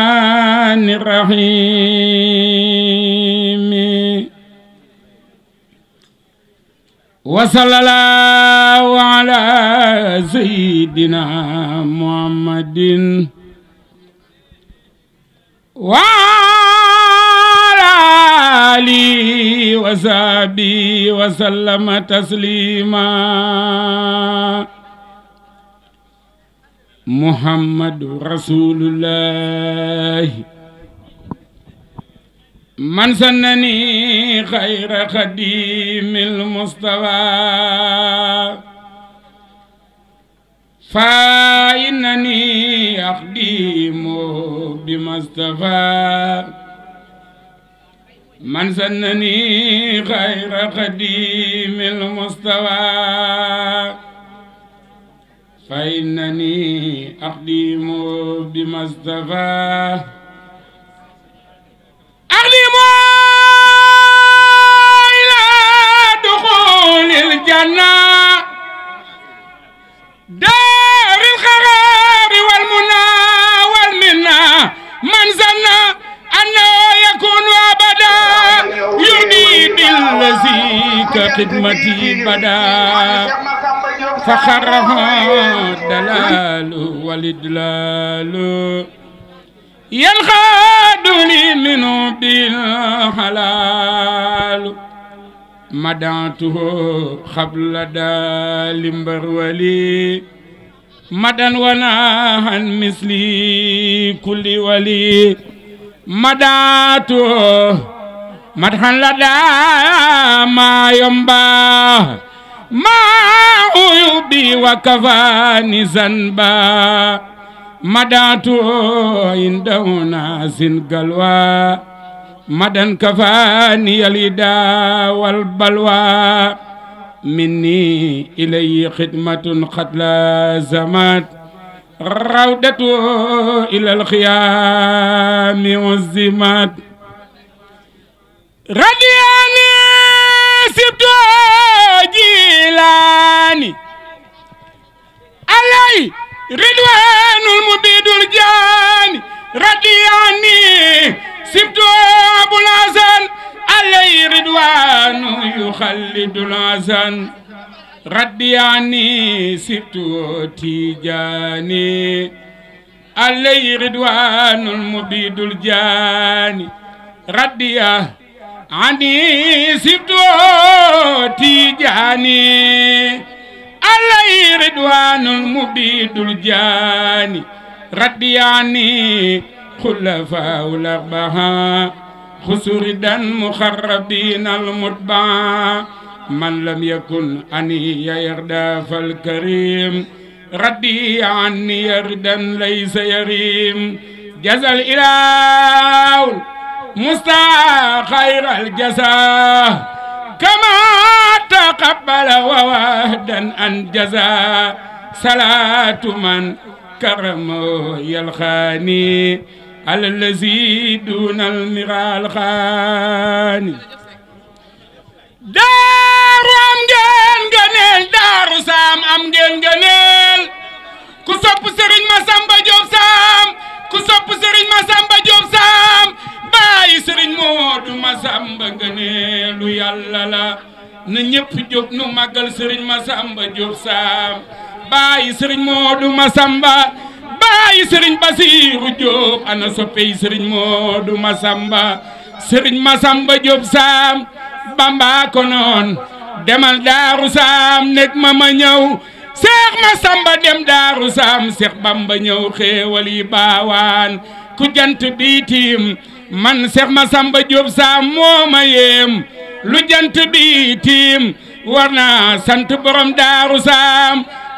الرحيم وصلى الله على سيدنا محمد وعلى آله وصحبه وسلم تسليما محمد رسول الله من سنني خير خديم المصطفى فإنني أخديم بما اصطفى من سنني خير خديم المصطفى فإنني أقدم بما اصطفاه الذي كخدمتي بدا فخرها الدلال والإدلال ينخاد لي منه بالحلال مدعته قبل دال برولي مدن وناها مثلي كل ولي مدعته مدحا لدى ما ينباه ما أيوبي وكفاني زنبا مدعت عند أناس قلوى مدى كفاني الإداء والبلوى مني إلي خدمة قد لازمت روضة إلى الخيام عزمت radiyaani sibto jilaani alay ridwaanul mubidul jaani radiyaani sibto abul hasan alay ridwaanu yuxallidul hasan radiyaani alay ridwaanul mubidul jaani radiya عني سبت تيجاني علي رضوان المبيد الجاني ردياني خلفاء الأربعة خسردا مخربين المتبع من لم يكن أني يرضى فالكريم ردي عني يردا ليس يريم جزى الإله مستا خير الجزاء كما تقبل ووهدا أنجزا صلاة من كرم يلخاني على الذي دون المغال خاني daaru am ngeen ngëneel daaru saam am ngeen ngëneel ku sopp sëriñ Masamba Diop saam ku sopp sëriñ Masamba Diop saam ay sëriñ Moodu Masamba ngëneelu yàlla la na ñëpp jóg nu màggal sëriñ Masamba Jóob Saam bàyyi sëriñ Moodu Masamba bàyyi sëriñ Basiiru Jóob ana soppey sëriñ Moodu Masamba sëriñ Masamba Jóob Saam Bamba ko noon demal Daaru Saam nekk ma ma ñëw Seex Masamba dem Daaru Saam Seex Bamba ñëw xéewal yi baawaan ku jant bi man Seex Masamba Jóob saa mooma yéem lu jant bi tiim war naa sant borom daaru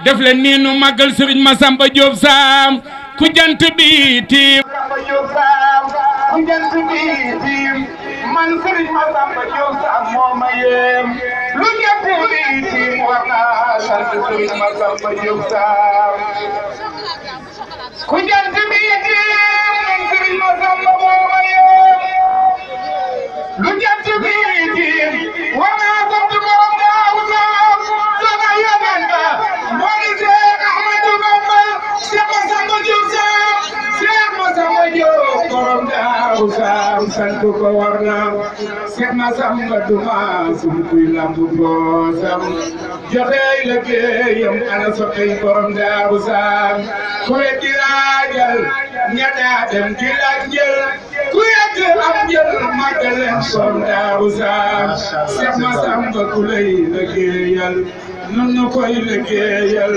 def le nii nu màggal Sëriñ Masamba Jóob saam ku jant bi tiim ku jant bi tiim man Sëriñ Masamba Jóob saam mooma yéem lu jant bi tiim war naa Jóob saam ku jant bi yéeteem moom Serigne Massamba Booma yéem lu jant bi yéeteem wala sant moom. aw a sant ko war na Seex Masamba du maasum kuy lamb boosam joxey la géeyam ana soppey borom daaru saam ku weddi laajal ña daa dem di laaj njël ku weddi am njël màggal leen borom daaru saam Seex Masamba ku lay la géeyal nun ñu koy liggéeyal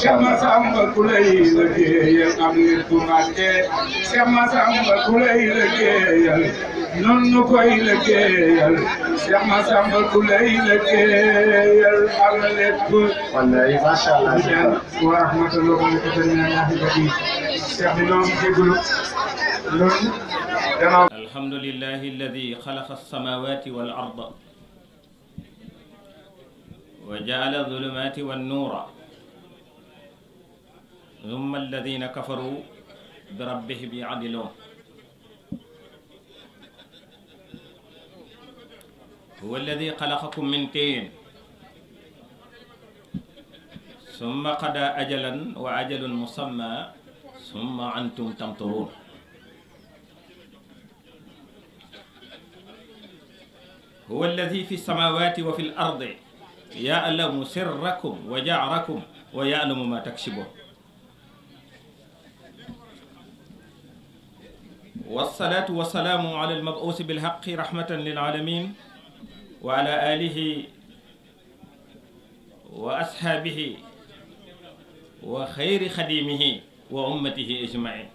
Cheikh Massamba ku lay liggéeyal am nit ku màggee Cheikh Massamba ku lay liggéeyal nun ñu koy liggéeyal Cheikh Massamba ku lay liggéeyal am nit ku wallahi masha Allah wa rahmatullahi wa barakatuh Cheikh bi noonu déglu noonu alhamdulillahi alladi xalaqa as-samawati wal arda wa jaala zulumaati wan nuura summa alladina kafaru bi rabbihim yadiloon huwa alladi xalaqakum min tiin summa qada ajalan wa ajalun musamma summa antum tamturun huwa alladi fi samawati wa fi l ardi yaalamu sirrakum wa jaarakum wa yaalamu ma taksibun والصلاة والسلام على المبعوث بالحق رحمة للعالمين وعلى آله وأصحابه وخير خديمه وأمته أجمعين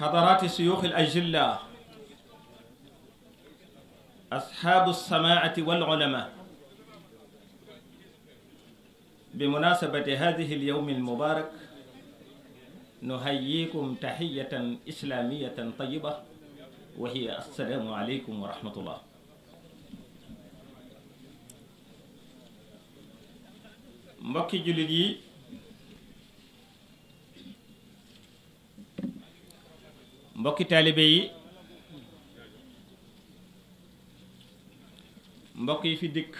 حضرات الشيوخ الأجلاء asxaabu samaati wal ulama bimunasabati hadihi alyawmi almubarak nuhayyikum taxiyatan islamiyatan tayiba wa hiya assalaamu aleykum wa rahmatullah mbokki jullit yi mbokki taalibe yi mbokk yi fi dikk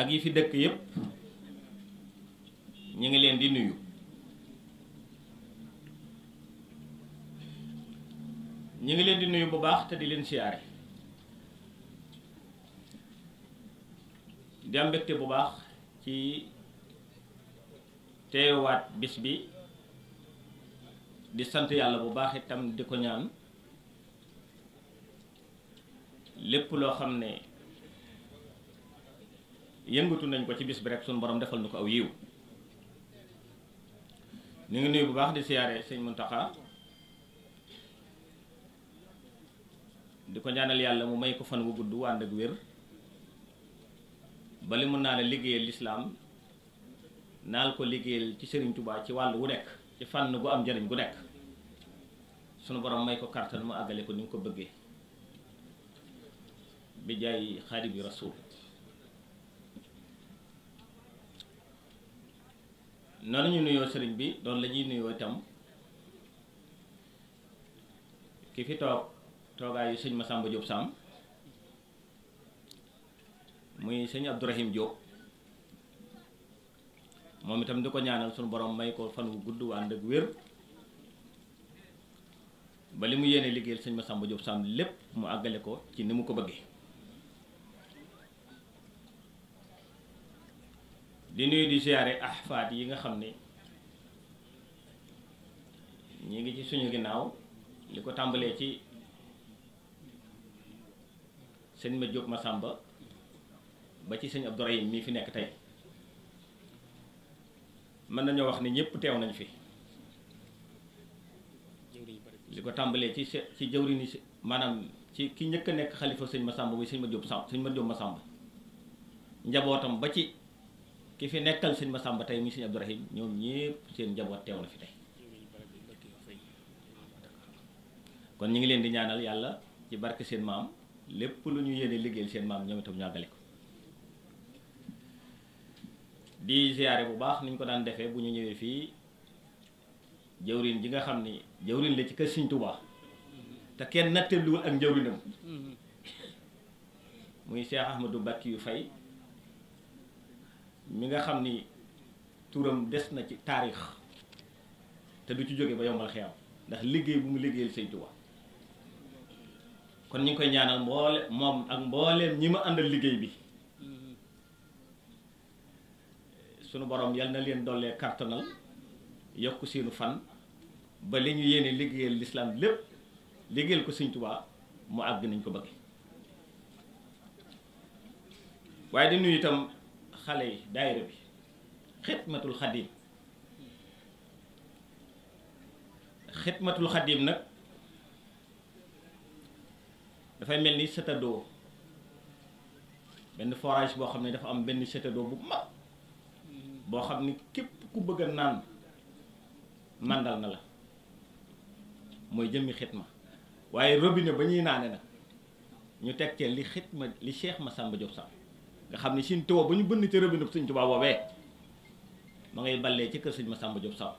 ak yi fi dëkk yépp ñu ngi leen di nuyu ñu ngi leen di nuyu bu baax te di leen siyaare di am bu baax ci teewaat bis bi di sant yàlla bu baax itam di ko ñaan lépp loo xam ne yëngatu nañ ko ci bis bi rek sunu boroom defal nu ko aw yiw ñu ngi nuyu bu baax di siyaare mun taxa di ko ñaanal yàlla mu may ko fan wu gudd wu ak wér ba li mun naa ne liggéeyal lislaam naal ko liggéeyal ci Sëriñ Tubaa ci wàll wu nekk ci fànn gu am njëriñ gu nekk sunu borom may ko kàttan mu àggale ko ni mu ko bëggee bi jaay xaadimi rasul noonu ñu nuyoo sëriñ bi doon lañuy nuyoo itam ki fi toog toogaayu sëñ Masamba Diop Sam muy sëñ Abdourahim Diop moom itam di ko ñaanal sunu borom may ko fan wu gudd wu ànd ak wér ba mu yéene liggéeyal sëñ ma Masamba Diop Sam lépp mu àggale ko ci ni mu ko bëggee di nuyu di ziare ahfaat yi nga xam ne ñi ngi ci suñu ginnaaw li ko tàmbalee ci sëñ ma ma sàmba ba ci sëñ Abdourahim mii fi nekk tey mën nañoo wax ne ñëpp teew nañ fi li ko tàmbalee ci ci jëwriñi maanaam ci ki njëkk nekk xalifa sëñ ma Masamba muy sëñ ma Jóob Samb sëñ ma ma sàmba njabootam ba ci ki fi nekkal sëñ Massamba tey muy sëñ Abdourahim ñoom ñépp seen njaboot teew na fi tey kon ñu ngi leen di ñaanal yàlla ci barke seen maam lépp lu ñu yéene liggéeyal seen maam ñoom itam ñàggale ko di ziyaare bu baax niñ ko daan defee bu ñu ñëwee fii jëwrin ji nga xam ni jëwrin la ci kër sëñ Tuubaa te kenn natteeluwul ak njëwrinam mm-hmm. muy Cheikh Ahmadou Bakki yu fay mi nga xam ni tuuram des na ci taarix te du ci jóge ba yombal xew ndax liggéey bu mu liggéeyal Sëñ kon ñu koy ñaanal mboole moom ak mbooleem ñi ma àndal liggéey bi sunu boroom yal na leen dollee kàttanal yokk seenu fan ba li ñu yéene liggéeyal lislaam lépp liggéeyal ko Sëñ mu àgg nañ ko bëgg waaye di nuyu itam xale yi daayira bi xidmatul xadim xidmatul xadim nag dafay mel ni setadoo benn forage boo xam ne dafa am benn setadoo bu mag boo xam ne képp ku bëgg a naan màndal na la mooy jëmmi xidma waaye robinet ba ñuy naane nag ñu teg ci li xidma li Cheikh Massamba Diop Samb xam ne sin tawoo ba ñu bënn ca rëbinab sëñ Tuubaa boobee ma ngay ballee ci kër sëñ Masamba Diop Samb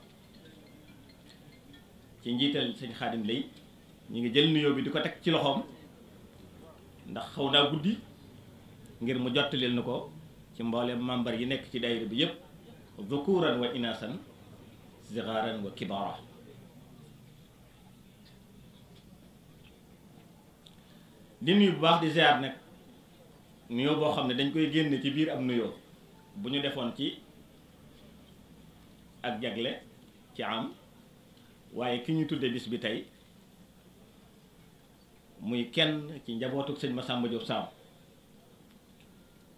ci njiital sëñ Xaadim lay ñu ngi jël nuyoo bi di ko teg ci loxoom ndax xaw naa guddi ngir mu jottalil na ko ci mbooleem membar yi nekk ci daayira bi yëpp zukuran wa inasan sigaaran wa kibaara di nuyu bu baax di ziar nag nuyoo boo xam ne dañ koy génne ci biir am nuyoo bu ñu defoon ci ak jagle ci am waaye ki ñu tudde bis bi tey muy kenn ci njabootuk sëñ Massamba Diop Sam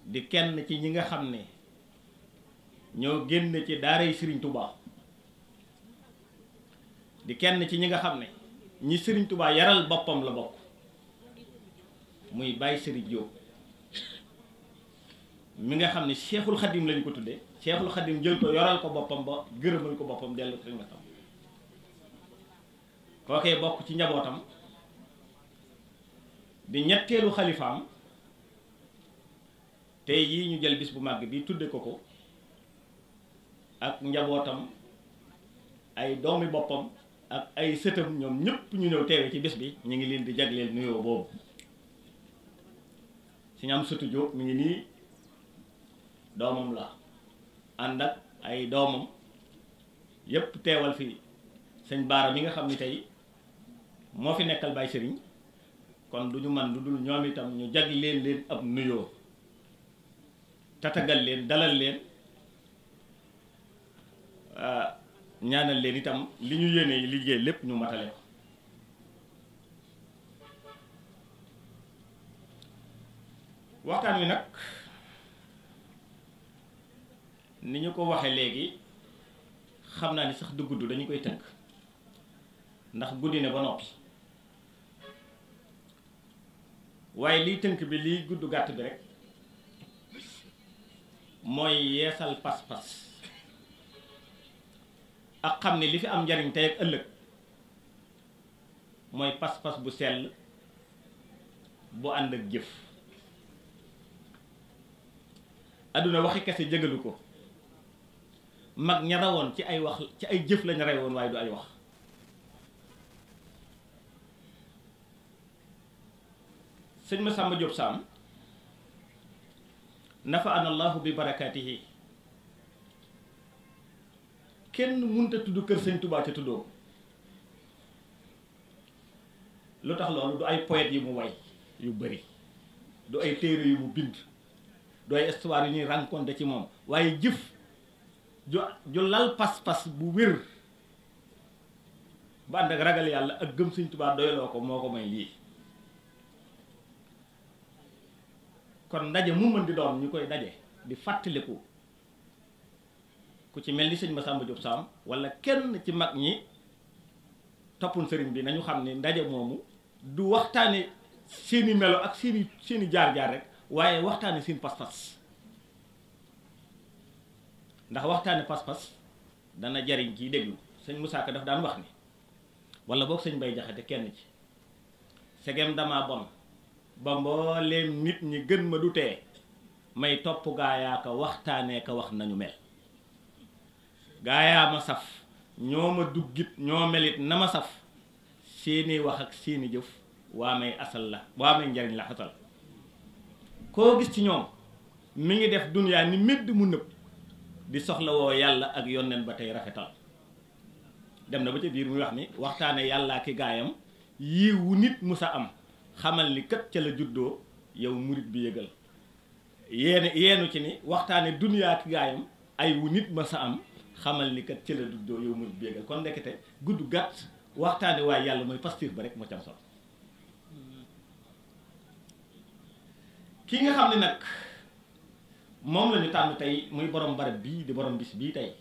di kenn ci ñi nga xam ne ñoo génn ci daaray Serigne Touba di kenn ci ñi nga xam ne ñi Serigne Touba yaral boppam la bokk muy Baye Serigne Diop mi nga xam ne cheikhul xadim lañu ko tuddee cheikhul xadim jël ko yoral ko boppam ba gërëmal ko boppam dellu sëriñ Bass Abdou bokk ci njabootam di ñetteelu xalifaam tey jii ñu jël bu màgg bi tudde ko ko ak njabootam ay doomi boppam ak ay sëtam ñoom ñëpp ñu ñëw teewe ci bis bi ñu ngi leen di jagleel nuyoo boobu suñu am sëtu Jóob mi ngi nii doomam la ànd ay doomam yépp teewal fi sëñ Baara mi nga xam ni tey moo fi nekkal Baye Serigne kon du ñu man lu dul ñoom itam ñu jag leen leen ab nuyoo tatagal leen dalal leen ñaanal leen itam li ñu yéene liggéey lépp ñu matale ko waxtaan wi nag ni ñu ko waxee léegi xam naa ni sax du gudd dañu koy tënk ndax guddi na ba noppi waaye liy tënk bi liy gudd gàtt bi rek mooy yeesal pas-pas ak xam ne li fi am njariñ tey ak ëllëg mooy pas-pas bu sell bu ànd ak jëf àdduna waxi kese jëgalu ko mag ña rawoon ci ay wax ci ay jëf lañ ray woon waaye du ay wax sëñ ma sàmba Jóob saam nafaana bi bi barakaatihi kenn munta tudd kër sëñ Tuubaa ca tuddoo lu tax loolu du ay poète yi mu way yu bari du ay téere yu mu bind du ay histoire yu ñuy rencontré ci moom waaye jëf ju ju lal pas-pas bu wér bu ànd ak ragal yàlla ak gëm Sëñ Tuubaa doyloo ko moo ko may lii kon ndaje mu mën di doon ñu koy daje di fàttaliku ku ci mel ni sëñ Massamba Diop Sam wala kenn ci mag ñi toppun sëriñ bi nañu xam ni ndaje moomu du waxtaane seeni melo ak seeni seeni jaar-jaar rek waaye waxtaane seen pas-pas ndax waxtaane pas-pas dana jariñ kii déglu sëñ Moussa Ka daf daan wax ni wala boog sëñ Bay Jaxate kenn ci segem dama bon ba mbooleem nit ñi gën ma du tee may topp gaayaa waxtaanee ka wax nañu mel gaayaa ma saf ñoo ma duggit ñoo melit na ma saf seeni wax ak seeni jëf waa may asal la waa may njariñ la xatal koo gis ci ñoom mu ngi def dunyaa ni medd mu nëpp di soxla woo yàlla ak yonneen ba tey rafetal dem na ba ca biir muy wax ni waxtaane yàllaa ki gaayam yii wu nit musa am xamal ni kat ca la yow murit bi yëgal yéen ci ni waxtaane duniyaa ay wu nit ma sa am xamal ni kat ca la juddoo yow murit bi yëgal kon ndekete gudd gàtt waxtaane waaye yàlla mooy pastir ba rek moo cam solo hmm. ki nga xam ne nag moom lañu tànn tey muy borom barab bii di borom bis bii tey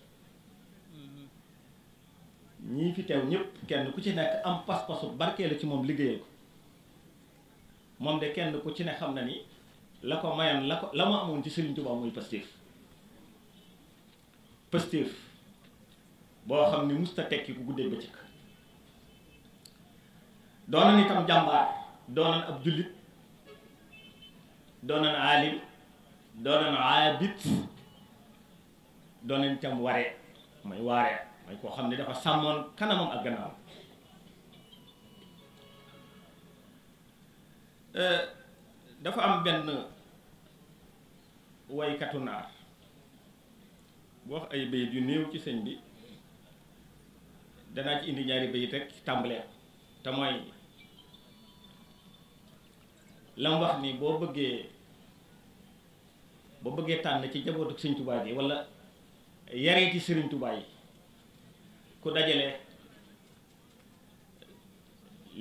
ñii fi teew ñëpp kenn ku ci nekk am pas-pasu barkeelu ci moom liggéeyal ko moom de kenn ku ci ne xam na ni la ko mayoon la ko la mu amoon ci Serigne Touba muy pastéef pastéef boo xam ni musta tekki ku guddee bëccëg doonan itam jàmbaar doonan ab jullit doonan aalim doonoon aabit doonoon itam waree mooy waaree mooy koo xam ne dafa sàmmoon kanamam ak gannaawam euh, dafa am benn waykatu naar bu wax ay bayit yu néew ci sëñ bi danaa ci indi ñaari bayit rek tàmbalee te mooy lam wax ni boo bëggee boo bëggee tànn ci jabootu sëñ Tuubaa ji wala yaree ci sëriñ Tuubaa yi ku dajale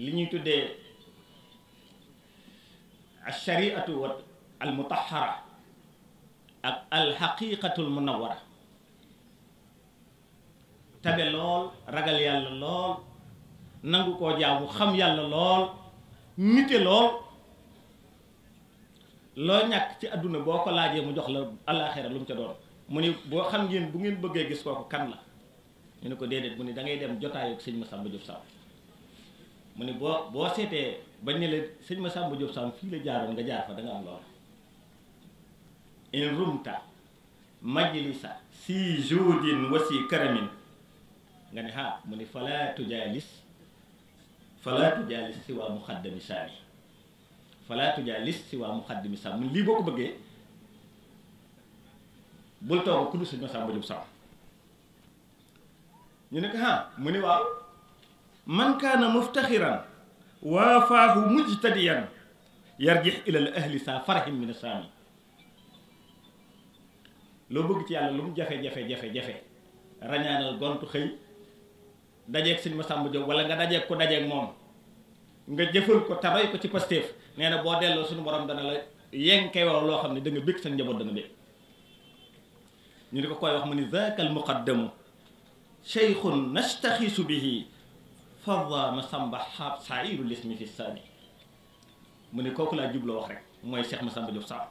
li ñuy tuddee ashariatu wa al mutahara ak al xaqiqatul munawara tabe lool ragal yàlla lool nangu koo jaamu xam yàlla lool nite lool loo ñàkk ci àdduna boo ko laajee mu jox la àllaaxira lu mu ca doon mu ni boo xam ngeen bu ngeen bëggee gis kooku kan la ñu ne ko déedéet mu ni da ngay dem jotaayu ak sëñ Massamba Diop Samb mu ni boo boo seetee bañ ne la sëñ Massamba Diop Samb fii la jaaroon nga jaar fa da nga am lool in rumta majlisa si jodin wa karamin nga ne ha mu ni falaa tujaalis falaa tujaalis si waa muxaddami saani falaa tujaalis si waa muqaddimi sàmm lii boo ko bëggee bul toog ku dul sëñ Masamba Jóob sàmm ñu ne ko ha mu ni waaw man kaana muftaxiran waa faahu mujtadiyan yarjix ilal ahli saa faraxin min saami loo bëgg ci yàlla lu mu jafe jafe jafe jafe rañaanal gontu xëy dajeeg sëñ Masamba Jóob wala nga dajeeg ko dajeeg moom nga jëfal ko tabay ko ci pasteef nee na boo delloo suñu borom dana la yenkee wala loo xam ne danga nga bëgg sa njaboot da nga bëgg ñu ko koy wax mu ni zaakal muqaddamu cheykhun nastaxisu bihi farda masamba xaab sairu lismi fi saani mu ni kooku laa jubloo wax rek mooy cheikh masamba Diop Sarr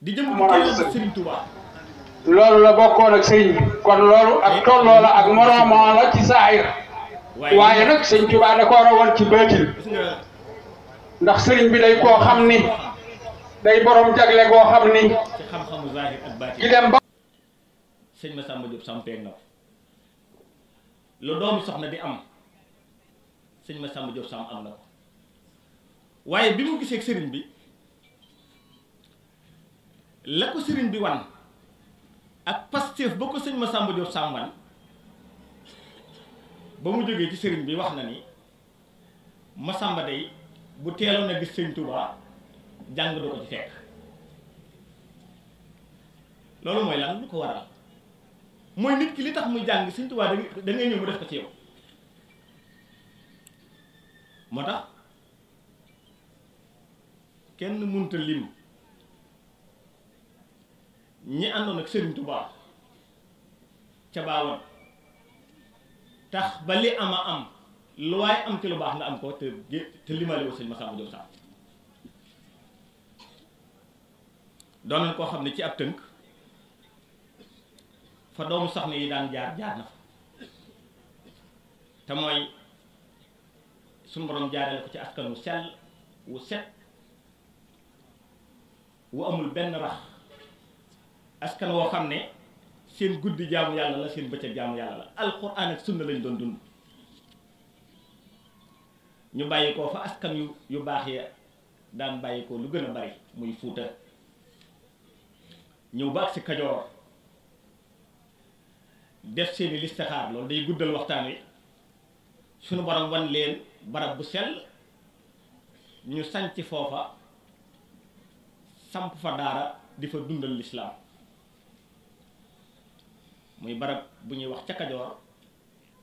di jëm ko Serigne Touba loolu la bokkoon ak Serigne bi kon loolu ak tolloo la ak moroomoo la ci saayir waaye nag sëñ Tuubaa da koo rawoon ci bëtil ndax sëriñ bi day koo xam ni day borom jagle koo xam ni. ci xam-xamu zahir ak baatin ci dem ba. sëñ Massamba Diop sampee na soxna di am sëñ Massamba Diop sam am na ko waaye bi mu gisee sëriñ bi la ko sëriñ bi wan ak Pastef ba ko sëñ Massamba Diop sam wan ba mu jógee ci sëriñ bi wax na ni Masamba dey bu teeloon a gis sëñ Touba jàng du ko ci fekk loolu mooy lan lu ko waral mooy nit ki li tax mu jàng sëñ Touba da ngay ñëw mu def ko ci yow moo tax kenn munta lim ñi àndoon ak sëriñ Touba ca baawoon tax ba li a am lu waaye am ci lu baax nga am ko te te limale wu sëñ Masamba Diop Sarr doon na koo xam ne ci ab tënk fa doomu yi daan jaar jaar na fa te mooy suñu borom jaarale ko ci askan wu sell wu set wu amul benn rax askan woo xam ne seen guddi jaamu yàlla la seen bëccëg jaamu yàlla la alquran ak sunna lañu doon dund ñu bàyyi koo fa askan yu baax ya daan bàyyikoo lu gën a bari muy fuuta ñëw ba ak si kajoor def seeni listixaar loolu day guddal waxtaan wi suñu borom wan leen barab bu sell ñu sañc foofa samp fa daara di fa dundal lislaam muy barab bu ñuy wax ca Kajoor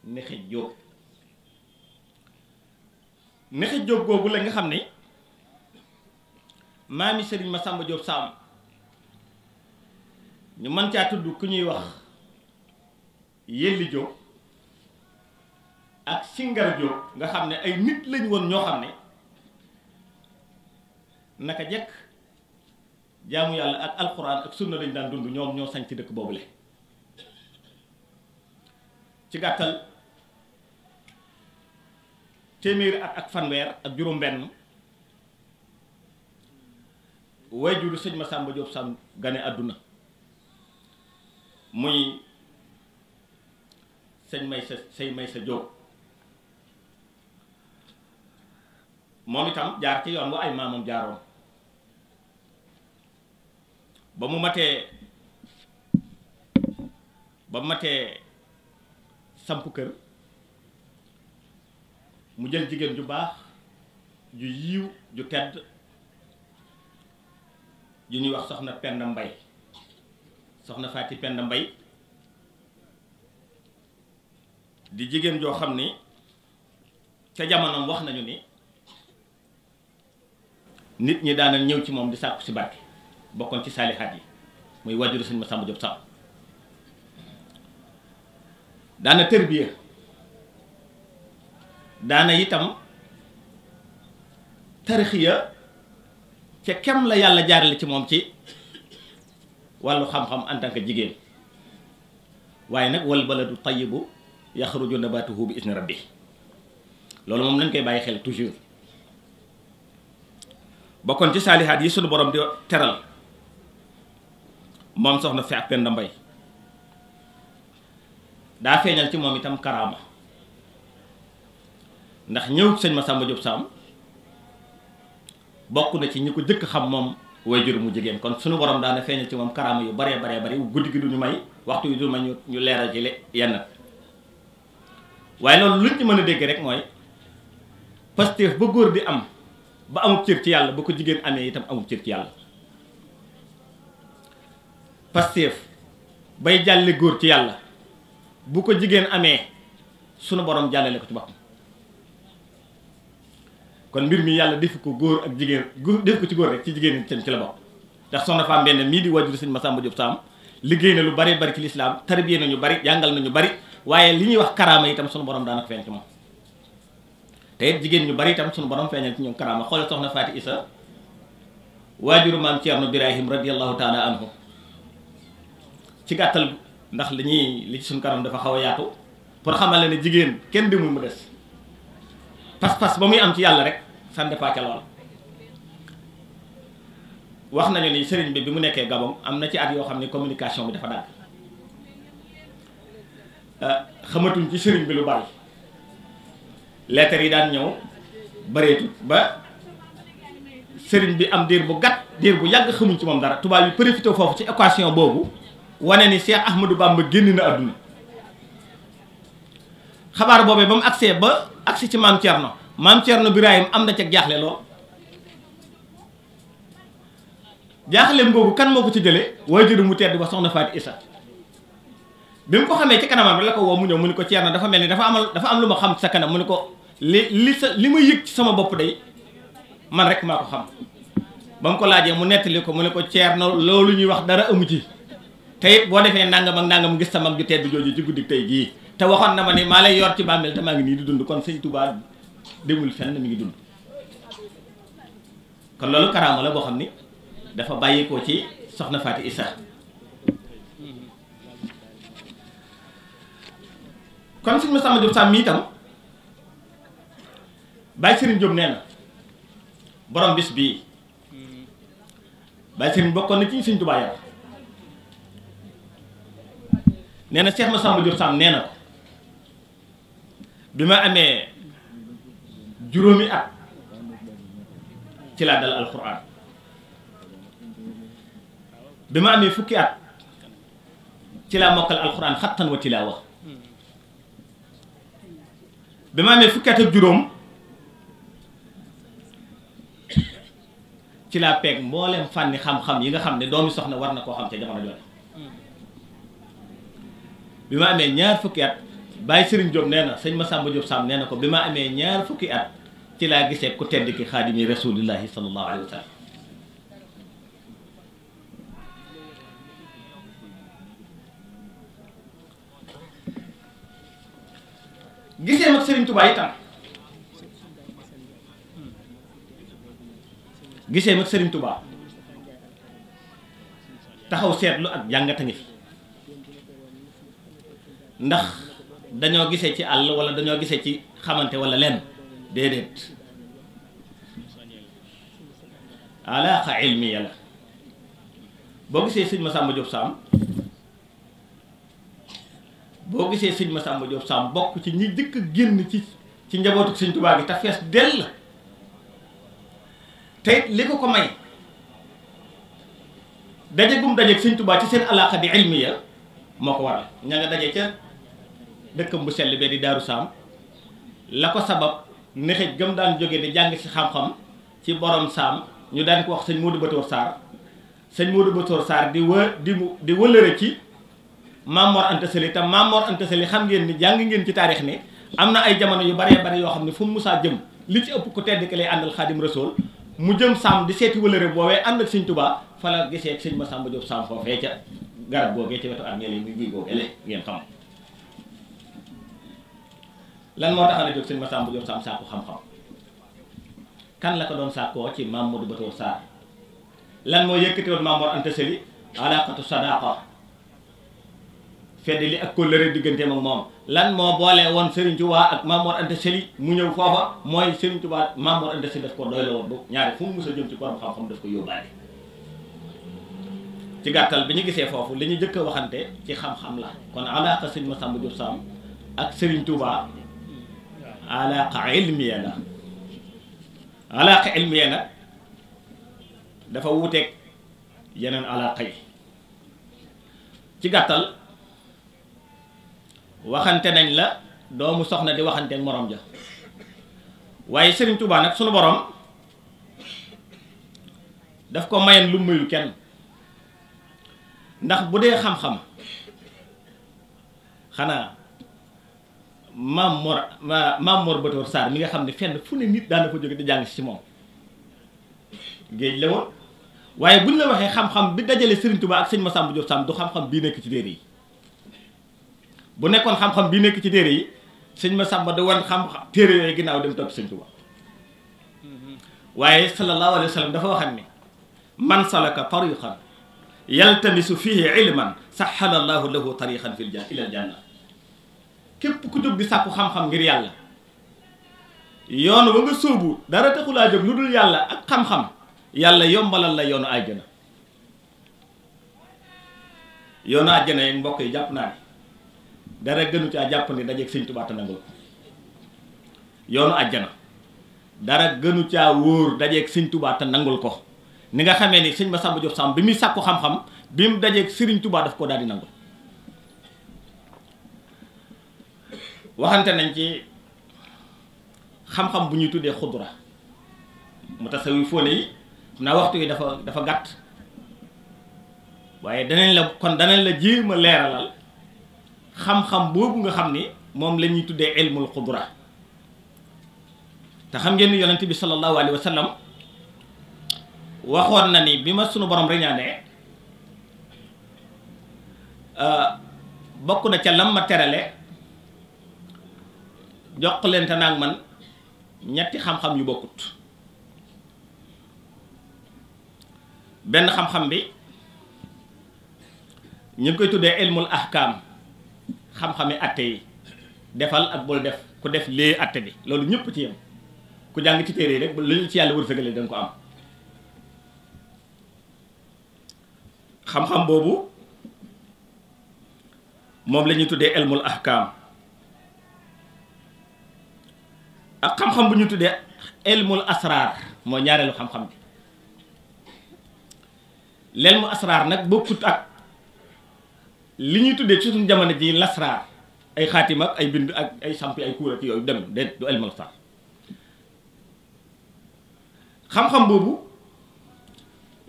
nexe jóob nexe jóob boobu la nga xam ne maami sëriñ ma sàmba jóob saam ñu mën caa tudd ku ñuy wax yelli jóob ak singar jóob nga xam ne ay nit lañ woon ñoo xam ne naka jekk jaamu yàlla ak alxuraan ak sunna lañ daan dund ñoom ñoo sañ ci dëkk boobule ci gàttal téeméeri at ak fanweer ak juróom-benn way juru sëñ Masamba Diop Samb gane àdduna muy sëñ may sa sëñ may sa Diop moom itam jaar ci yoon wa ay maamam jaaroon ba mu matee ba matee samp kër mu jël jigéen ju baax ju yiw ju tedd yu ñuy wax soxna Penda Mbay soxna Faati Penda Mbay di jigéen joo xam ni ca jamonoom wax nañu ni nit ñi daana ñëw ci moom di sàkku si barke bokkoon ci saalihaat yi muy wajuru sëñ ma sàmba Jóob sàmm daana tërbiya daana itam tarxiya ca kem la yàlla jaarale ci moom ci wàllu xam-xam en tant que jigéen waaye nag wal baladu tayyibu yaxruju nabatuhu bi isni rabbi loolu moom lañ koy bàyyi xel toujours bokkoon ci saalihaat yi sunu borom di teral moom soxna fi ak Penda Mbay daa feeñal ci moom itam karaama ndax ñëw sëñ Massamba Diop Sam bokk na ci ñi ko jëkk xam moom way jur mu jigéen kon suñu borom daana feeñal ci moom karaama yu baree baree bari guddi gi duñu may waxtu yu du ma ñu ñu leeral ci yenn waaye loolu luñ ci mën a dégg rek mooy pastéef ba góor di am ba amub cër ci yàlla ba ko jigéen amee itam amub cër ci yàlla pastéef bay jàlle góor ci yàlla bu ko jigéen amee sunu borom jàllale ko ci boppam kon mbir mi yàlla defu ko góor ak jigéen góor def ko ci góor rek ci jigéen ñi ci la bokk ndax soxna Fam benn mii di wajur ma Massamba Diop Sam liggéey na lu bare bari ci lislaam tarbiyee ñu bari jàngal nañu bari waaye li ñuy wax karaama itam sunu borom daanaka feeñ ci moom te jigéen ñu bari itam sunu borom feeñal ci ñoom karaama xoole soxna Faati Isa waajuru maam Ceerno Birahim radiyallahu taala anhu ci gàttal ndax li ñuy li ci suñ kanam dafa xaw a yaatu pour xamal la ne jigéen kenn demul mu des pas-pas ba muy am ci yàlla rek ça ne dépend ca lool wax nañu ni sëriñ bi bi mu nekkee Gabon am na ci at yoo xam ne communication bi dafa dagg euh, xamatuñ ci sëriñ bi lu bari lettres yi daan ñëw bëreetut ba sëriñ bi am diir bu gàtt diir bu yàgg xamuñ ci moom dara tubaab yi profité foofu ci équation boobu wane ni Cheikh Ahmadou Bamba génn na àdduna xabaar boobee ba mu agsee ba agsi ci maam Thierno maam Thierno Birahim am na ca jaaxle lool jaaxleem boobu kan moo ko ci jëlee waajuru mu tedd ba soxna Faat Isa bi mu ko xamee ci kanamam la ko woo mu ñëw mu ne ko Thierno dafa mel ni dafa amal dafa am lu ma xam sa kanam mu ne ko li li sa li ma yëg ci sama bopp day man rek maa ko xam ba mu ko laajee mu nettali ko mu ne ko no loolu ñuy wax dara amu ci. te boo defee nangam ak mu gis sa mag ju tedd jooju ci guddi tey jii te waxoon na ma ni maa lay yor ci bàmmeel te maa ngi nii di dund kon sëñ Touba demul fenn ngi dund loolu karaama la boo xam ni dafa bàyyi ko ci soxna Faati Isa kon sëñ Masamba Diop Samb mi itam Baye Serigne Diop nee na borom bis bii Baye Serigne bokkoon na ci sëñ Touba yar nee na Cheikh Massamba Diop Samb nee na ko bi ma amee juróomi at ci laa dal alxuraan bi ma amee fukki at ci laa mokkal alxuraan xattan wa tilaawa bi ma amee fukki at ak juróom ci laa peeg mboolem fànni xam-xam yi nga xam ne doomi soxna war na koo xam ca jamono jooju bi ma amee ñaar fukki at Baye Serigne Diop nee na sëñ Massamba Diop Sam nee na ko bi ma amee ñaar fukki at ci laa gisee ku tedd ki xaadimi rasulillahi sallallahu alayhi wa sallam gisee mag Serigne Touba itam gisee mag Serigne taxaw seetlu ak jàngata ngi ndax dañoo gisee ci àll wala dañoo gisee ci xamante wala lenn déedéet alaaqa ilmiya la boo gisee sëñ ma Diop Sam boo gisee sëñ Masamba Diop Sam bokk ci ñi jëkk génn ci ci njabootu sëñ Tuubaa gi te fees dell la te it li ko ko may daje gum dajeeg sëñ Tuubaa ci seen alaaqa di ilmiya moo ko waral ña nga daje ca dëkkam bu sell be di daaru saam la ko sabab nexej gëm daan jóge di jàng si xam-xam ci borom saam ñu daan ko wax sëñ Modou Batoor Sarr sëñ Modou Batoor Sarr di wë di di wëlëre ci Mamor Anta Sali te Mamor Anta Sali xam ngeen ni jàng ngeen ci taarix ne am na ay jamono yu baree bari yoo xam ne fu mu musaa jëm li ci ëpp ku tedd ki lay àndal xaadim rasool mu jëm saam di seeti wëlëre boobee ànd ak sëñ Tuubaa fa la gisee sëñ Masamba Jóob saam foofee ca garab googee ci wetu armeel yi muy ngeen xam lan moo tax a jóg sëñ Massamba Diop Sam sàkku xam-xam kan la ko doon sàkkoo ci Maam Modou Batoor Sarr lan moo yëkkatiwoon Maam Mor Anta Sali alaqatu sadaqa fedd li ak kóllëre digganteem ak moom lan moo boole woon Serigne Touba ak Maam Mor Anta Sali mu ñëw foofa mooy Serigne Touba Maam Mor Anta Sali daf ko doy la woon bu ñaari fu mu mës a jëm ci borom xam-xam daf ko yóbbaale ci gàttal bi ñu gisee foofu li ñu jëkk a waxante ci xam-xam la kon alaqa sëñ Massamba Diop Sam ak Serigne Touba alaaqa ilmiya la alaaqa ilmiya la dafa wuuteeg yeneen alaaqa yi ci gàttal waxante nañ la doomu soxna di waxanteeg morom ja waaye Serigne Touba nag sunu boroom daf ko mayen lu mayul kenn ndax bu dee xam-xam xanaa maam Mor maam Mor Batoor saar mi nga xam ne fenn fu ne nit daana fa jóge di jàng si moom géej la woon waaye buñ la waxee xam-xam bi dajalee Serigne Touba ak sëñ Massamba Diop Sam du xam-xam bii nekk ci téere yi nekkoon xam-xam nekk ci téere yi sëñ Massamba da wan xam-xam téere yooyu ginnaaw dem topp sëñ Touba waaye sallallahu alayhi wa sallam dafa waxam ni man salaka tariqan yaltamisu fihi ilman sahala allahu lahu tariqan fil janna ilal janna képp ku jóg di sàkku xam-xam ngir yàlla yoonu wa nga sóobu dara taxulaa jóg lu dul yàlla ak xam-xam yàlla yombalal la yoonu àjjana yoonu àjjana yi mbokk yi jàpp naa ni dara gënu caa jàpp ni dajeeg sëñ Tuubaa te nangul dara gënu caa wóor dajeeg sëñ Tuubaa te nangul ko ni nga xamee ni sëñ Masamba Diop Samb bi muy sàkku xam-xam bi mu dajeeg sëriñ Tuubaa daf ko daal di nangul waxante nañ ci xam-xam bu ñuy tuddee xudra mu tasawi fóone yi naa waxtu yi dafa dafa gàtt waaye danañ la kon danañ la jéem a leeralal xam-xam boobu nga xam ni moom la ñuy tuddee ilmul xudra te xam ngeen ni yonent bi sallallahu alayhi wa sallam waxoon na ni bi ma sunu borom riñaanee euh, bokk na ca lam ma terale jokkalante naag man ñetti xam-xam yu bokkut benn xam-xam bi ñu ngi koy tuddee ilmul ahkaam xam-xami atte yi defal ak bul def ku def lee atte bi loolu ñëpp ci yem ku jàng ci téere yi rek lu ñu ci yàlla wërsëgale da nga ko am xam-xam boobu moom la ñuy tuddee ilmul ahkaam ak xam-xam bu ñu tuddee ilmul asraar moo ñaareelu xam-xam bi ilmu asraar nag bokkut ak li ñuy tuddee ci suñu jamono ji lasraar ay xaatim ak ay bind ak ay sampi ay kuur ak yooyu dem déet du ilmul asraar xam-xam boobu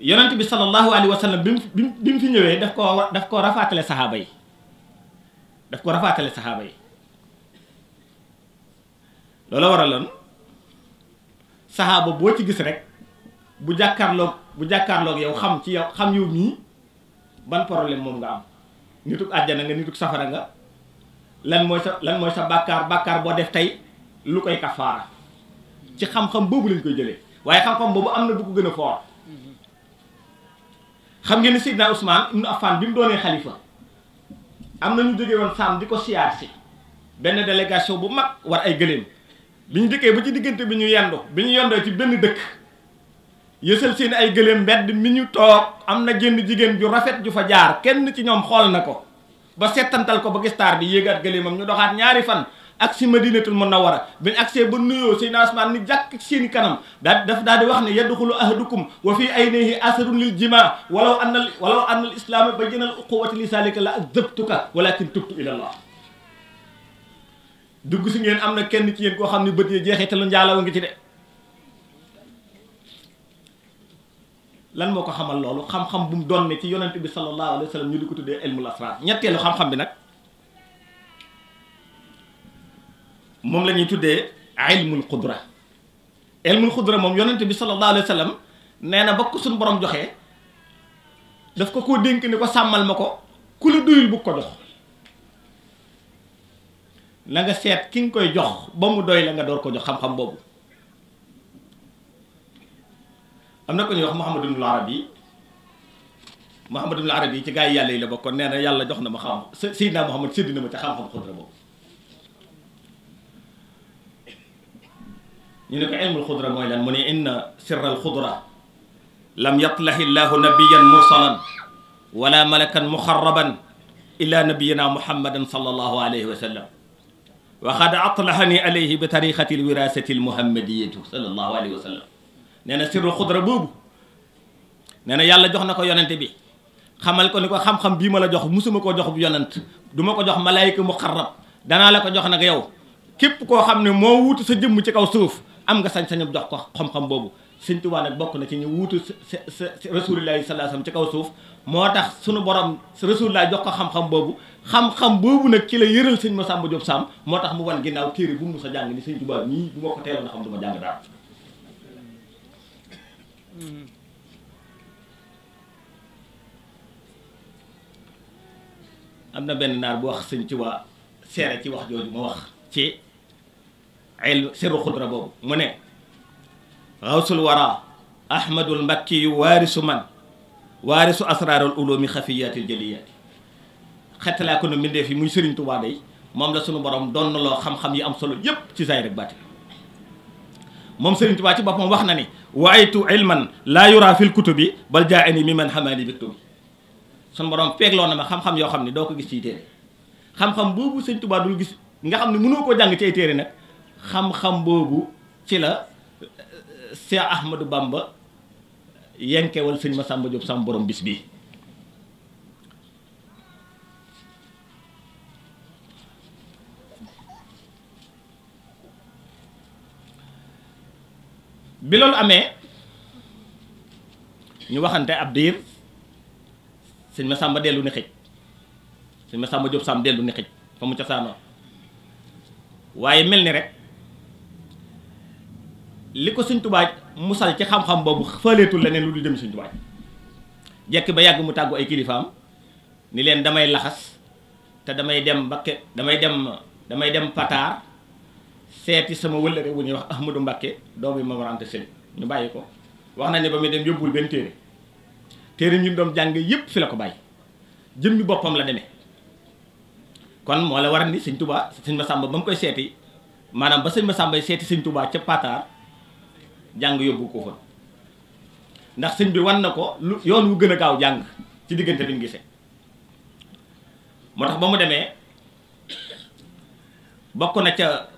yonent bi sallallahu alayhi wa sallam bi mu fi ñëwee daf koo daf koo rafaatale saxaaba yi daf ko rafaatale saxaaba yi war a lan saxaaba boo ci gis rek bu jàkkaarloog bu jàkkaarloog yow xam ci yow xam yow mii ban poroblème moom nga am nituk àjjana nga nituk safara nga lan mooy sa lan mooy sa bàkkaar bàkkaar boo def tey lu koy kafaara ci xam-xam boobu lañ koy jëlee waaye xam-xam boobu am na bu ko gën a foor xam ngeen ni Seydina Ousmane ibnu Affan bi mu doonee xalifa am na ñu jóge woon Saam di ko siyaar si benn délégation bu mag war ay gëléem bi ñu dikkee ba ci diggante bi ñu yendu bi ñu yendoo ci benn dëkk yësal seen ay gëléem mbedd mi ñu toog am na génn jigéen ju rafet ju fa jaar kenn ci ñoom xool na ko ba settantal ko ba gis taar bi yéegaat gëléemam ñu doxaat ñaari fan ak si na wara bi ñu agsee ba nuyoo seen asmaan ni jàkk seeni kanam daad daf daal di wax ne yadxulu ahadukum wa fi aynayhi asarun lil jima walaw anna walaw anna al islaama bayyana ba uquwwata li zalika la azabtuka walakin tubtu ila allah dugg si ngeen am na kenn ci yéen koo xam ne bët yi jeexitalu njaalaw ngi ci de lan moo ko xamal loolu xam-xam bu mu doon ne ci yonent bi sallallahu alayhi wa sallam ñu di ko tuddee ilmul asrar ñetteelu xam-xam bi nag moom la ñuy tuddee ilmul qudra ilmul qudra moom yonent bi sallallahu alayhi wa sallam nee na ba ko suñu borom joxee daf ko koo dénk ni ko sàmmal ma ko ku la duyul bu ko jox la nga seet ki nga koy jox ba mu doy la nga door ko jox xam-xam boobu am na ko ñuy wax Muhammadul Arabi Muhammadul Arabi ci gaa yi yàlla yi la bokkoon nee na yàlla jox na ma xam Seydina Muhammad sédd na ma ca xam-xam xudra boobu ñu ne ko ilmul xudra mooy lan mu ne inna sirral xudra lam yatlahi llahu nabiyan mursalan wala malakan muxarraban illa nabiyina muhammadan sallallahu alayhi wa sallam waxad atlahani alayhi bi tariqati l wirasati l muhammadiyatu sallallahu alayhi wa sallam nee na sirru xudra boobu nee na yàlla jox na ko yonente bi xamal ko ni ko xam-xam bii ma la jox musuma koo jox bu yonent du ma ko jox malayka muqarrab danaa la ko jox nag yow képp koo xam ne moo wuutu sa jëmm ci kaw suuf am nga sañ-sañu jox ko xam-xam boobu sëñ Tuubaa nag bokk na ci ñu wuutu sa sa rasulillahi sallallahu alayhi wa ci kaw suuf moo tax suñu borom rasulillahi jox ko xam-xam boobu xam-xam boobu nag ci la yëral sëñ Masamba Diop sàmm moo tax mu wan ginnaaw téere bu mu sa jàng ni sëñ Tuubaa ñii bu ma ko teeloon a xam duma jàng dara am na benn naar bu wax sëñ Tuubaa seere ci wax jooju ma wax ci ilm sirru xudra boobu mu ne xawsul wara ahmadul makki yu waarisu man waarisu asraarul ulumi xafiyatil jaliyaati xettalaa ko nu mbindeef yi muy Serigne Touba day moom la sunu borom doon na loo xam-xam yi am solo yépp ci zahir ak baatin moom Serigne Touba ci boppam wax na ni waaytu ilman laa yura fil bi bal jaa ani mi man xamaani biktum sunu borom feegloo na ma xam-xam yoo xam ne doo ko gis ci téere xam-xam boobu Serigne Touba dul gis nga xam ne mënoo koo jàng ci ay téere nag xam-xam boobu ci la Cheikh Ahmadou Bamba yenkewal sëñ Massamba Diop sam borom bis bi bi loolu amee ñu waxante ab diir sëñ ma sàmba dellu ni xëj sëñ ma sàmba jóob sàmm dellu ni xëj fa mu cosaanoo waaye mel ni rek li ko sëñ tubaaj musal ci xam-xam boobu fëleetul leneen lu dul dem sëñ tubaaj jekk ba yàgg mu tàggu ay kilifaam ni leen damay laxas te damay dem bakke damay dem damay dem pataar seeti sama wëllëre wu ñuy wax Ahmadou Mbacke doomu Mame Anta Sali ñu bàyyi ko wax nañ ne ba muy dem yóbbul benn téere téere ñu doom jàng yëpp fi la ko bàyyi jëmmi boppam la deme kon moo la waral ni tubaa Touba sëñ sàmba ba mu koy seeti maanaam ba sëñ Massamba seeti sëñ tubaa ca Pataar jàng yóbbu ko fa ndax sëñ bi wan na ko lu yoon wu gën a gaaw jàng ci diggante bi gise moo tax ba mu demee bokk na ca.